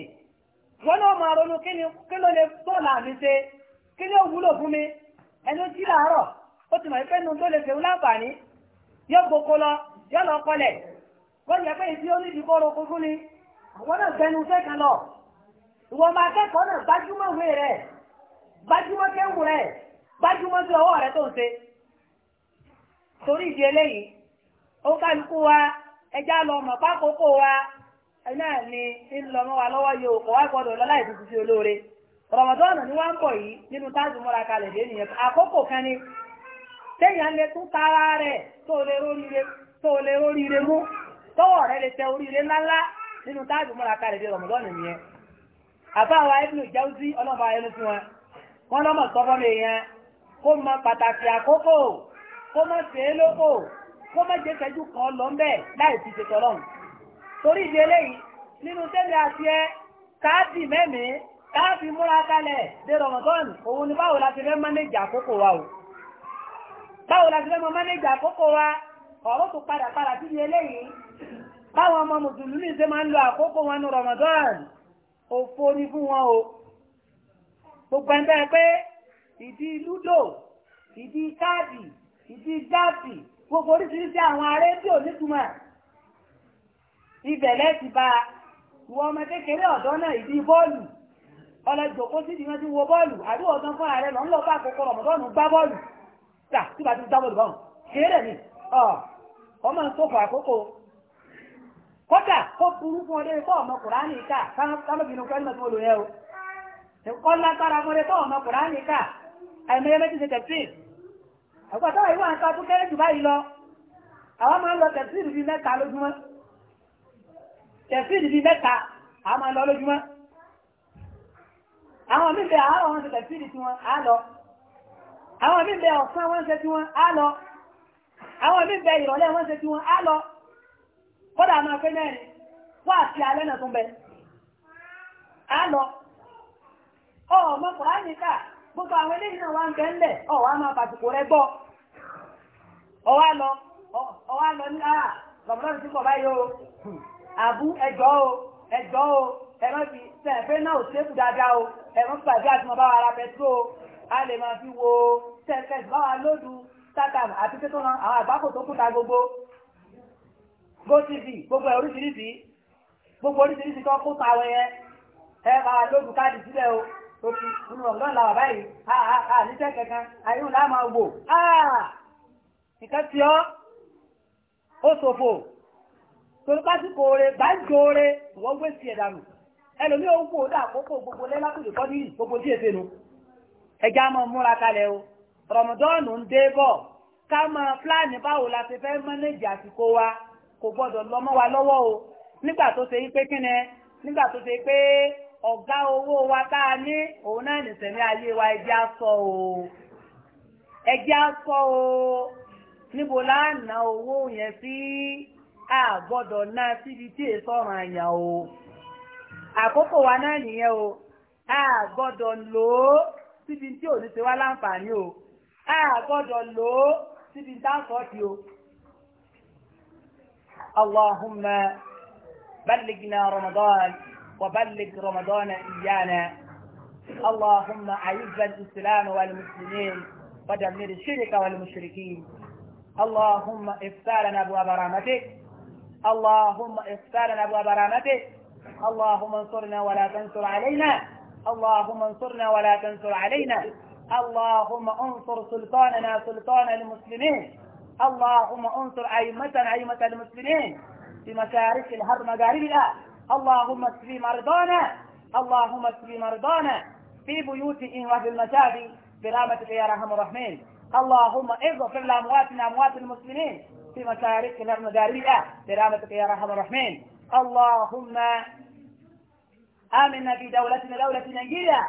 wọ́n náà máa ronú kí ni kí ló lè bọ́ọ̀lù àmì ṣe kí ni ó wúlò fún mi ẹni ó jí làárọ̀ ó ti mọ̀ pé nu tó lè fèwú láǹfààní yóò gboko lọ yóò lọ kọlẹ̀ wọ́n yẹ pé ìdí ni àwọn náà lọ máa kẹ́kọ̀ọ́ náà gbájúmọ̀ wé rẹ̀ gbájúmọ̀ rẹ̀ gbájúmọ́ sí ọwọ́ rẹ tó ń ṣe torí ìdí eléyìí ó kálukú wa ẹjá lọ mọ̀ pákókó wa náà ni ńlọmọ wa lọ́wọ́ yóò kọ́ wá gbọ́dọ̀ lọ́lá ìdúkú sí olóore rọ̀mọ̀dọ́nà ni wọ́n ń yìí nínú táàzù múra kalẹ̀ dé nìyẹn àkókò kan ni téèyàn lè tún kó mọ pàtàkì àkókò kó mọ sí é lóko kó mọ jẹ́ fẹ́jú kan lọ ń bẹ̀ láì fi ṣètò ọlọ́run torí ìdí eléyìí nínú tẹ́lẹ̀ àti ẹ káàdì mẹ́mìí káàfi múra kalẹ̀ dé rọmọdọ́nù òun ni báwo la ti fẹ́ mánéjì àkókò wa o báwo la ti fẹ́ mánéjì àkókò wa ọ̀rọ̀ tó padà padà sí ní eléyìí báwọn ọmọ mùsùlùmí ṣe máa ń lo àkókò wọn ní rọmọdọ́nù òfò ni fún wọn o gbogbo ẹgbẹ́ pé ìdí lúdò ìdí káàdì ìdí gáàsì gbogbo oríṣiríṣi àwọn arédíò nítumọ̀ ibẹ̀ lẹ́ti bá ìwọ ọmọ kékeré ọ̀dọ́ náà ìdí bọ́ọ̀lù ọlọ́jọ́ kó sí ìdíwọ́n wo bọ́ọ̀lù àbí ọ̀dọ́ fún ààrẹ lọ lọ bá àkókò ọmọdọ́nù gbá bọ́ọ̀lù tà tí bá ti gbá bọ́ọ̀lù bọ́ọ̀lù kéré ni ọmọ ń sọ̀kọ̀ àkókò kódà kó burú fún ọdẹ ọmọ kùránì ká mọ́tò o àìmọye méjì ṣe tẹ̀síìl àgbàtà ìwà nǹkan tó kéré jù báyìí lọ àwọn máa ń lọ tẹ̀síìl bíi mẹ́ta lójúmọ́ tẹ̀síìl bíi mẹ́ta àwọn máa ń lọ lójúmọ́ àwọn mímbe àárọ̀ wọn ṣe tẹ̀síìl tí wọn á lọ àwọn mímbe ọ̀sán wọn ṣe tí wọn á lọ àwọn mímbe ìrọ̀lẹ́ wọn ṣe tí wọn á lọ kódà máa fẹ́ mẹ́rin wá àti alẹ́ náà tó ń bẹ á lọ ọmọ kùránì káà gbogbo àwọn eléyìí náà wá ń bẹ́ ńlẹ̀ ọ̀wá máa bàtùkù rẹ gbọ́ ọwá lọ ọwá lọ ní ara ah, lọ́mọdé tí kò bá yọ o àbú ẹjọ́ o ẹjọ́ o ẹ̀rọ ti tẹ̀fẹ́ náà ò sẹ́kù dáadáa o ẹ̀rọ pàdé àti mọ̀ bá wa ra pẹ̀tró o a lè máa fi wo tẹ̀fẹ́ bá wa lódu sátàm àti pé tó ran àwọn àgbákò tó kúta gbogbo gotv gbogbo ẹ̀ oríṣiríṣi gbogbo oríṣiríṣi tó kúta àwọn yẹn ẹ bá wa lódu káàdì sílẹ̀ o tóbi nínú ọ̀gbọ́n làwà báyìí àà níṣẹ́ kankan àyíwò láàmà wò àà nìkan tí ọ́ ó ṣòfò torípásíkò oore báńkì oore wọ́n gbé sí ẹ̀dànù ẹlòmí ó wò dà àkókò gbogbo lẹ́lákùnrin kọ́ ní gbogbo tí èsè nu ẹja máa múra kalẹ̀ o rọmọdọ́ọ̀nù ń dé bọ̀ ká máa pílánì báwo la ti fẹ́ mọ́nẹ́jì àsìkò wa kò gbọ́dọ̀ lọ́mọ́ wa lọ́wọ́ o nígbà tó ṣe pé kíni nígbà tó ṣe pé ọ̀gá owó wa tá a ní òun náà nìsẹ̀mí ayé wa ẹjẹ́ asọ́ o ẹjẹ́ asọ́ o níbo láàánà owó yẹn sí àgbọ́dọ̀ náà síbi tí èso ọ̀ràn àyàn o àkókò wa náà nìyẹn o àgbọ́dọ̀ lò ó síbi tí ò ní ṣe wá láǹfààní o àgbọ́dọ̀ lò ó síbi dáńsọ̀ tí o. Allahumma ballighna Ramadan. وبلغ رمضان إيانا اللهم أعز الإسلام والمسلمين ودمر الشرك والمشركين اللهم افتح لنا أبواب رحمتك اللهم افتح لنا أبواب رحمتك اللهم انصرنا ولا تنصر علينا اللهم انصرنا ولا تنصر علينا اللهم انصر سلطاننا سلطان المسلمين اللهم انصر أئمة أئمة المسلمين في مشارق الهر مقاربها اللهم اشف مرضانا اللهم اشف مرضانا في بيوتهم وفي المساجد برحمتك يا رحم الرحمن اللهم اغفر لامواتنا اموات المسلمين في مشارقنا المدارية برحمتك يا رحم الرحمن اللهم آمنا في دولتنا دولة نيجيريا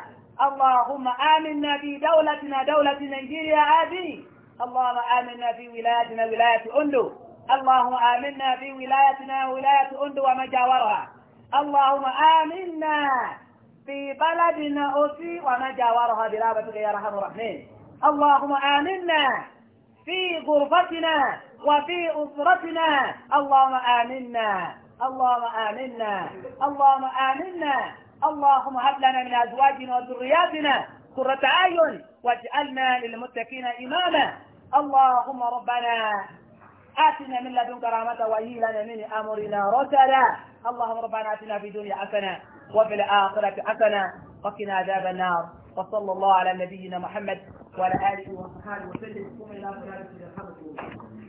اللهم آمنا في دولتنا دولة نيجيريا هذه اللهم آمنا في ولايتنا ولاية أندو اللهم آمنا في ولايتنا ولاية أندو وما جاورها اللهم آمنا في بلدنا أتي وما جاورها برابتك يا رحم الرحمن اللهم آمنا في غرفتنا وفي أسرتنا اللهم آمنا اللهم آمنا اللهم آمنا اللهم هب لنا من أزواجنا وذرياتنا قرة أعين واجعلنا للمتقين إماما اللهم ربنا آتنا من لدنك رحمة وهي لنا من أمرنا رشدا اللهم ربنا اتنا في الدنيا حسنه وفي الاخره حسنه وقنا عذاب النار وصلى الله على نبينا محمد وعلى اله وصحبه وسلم الى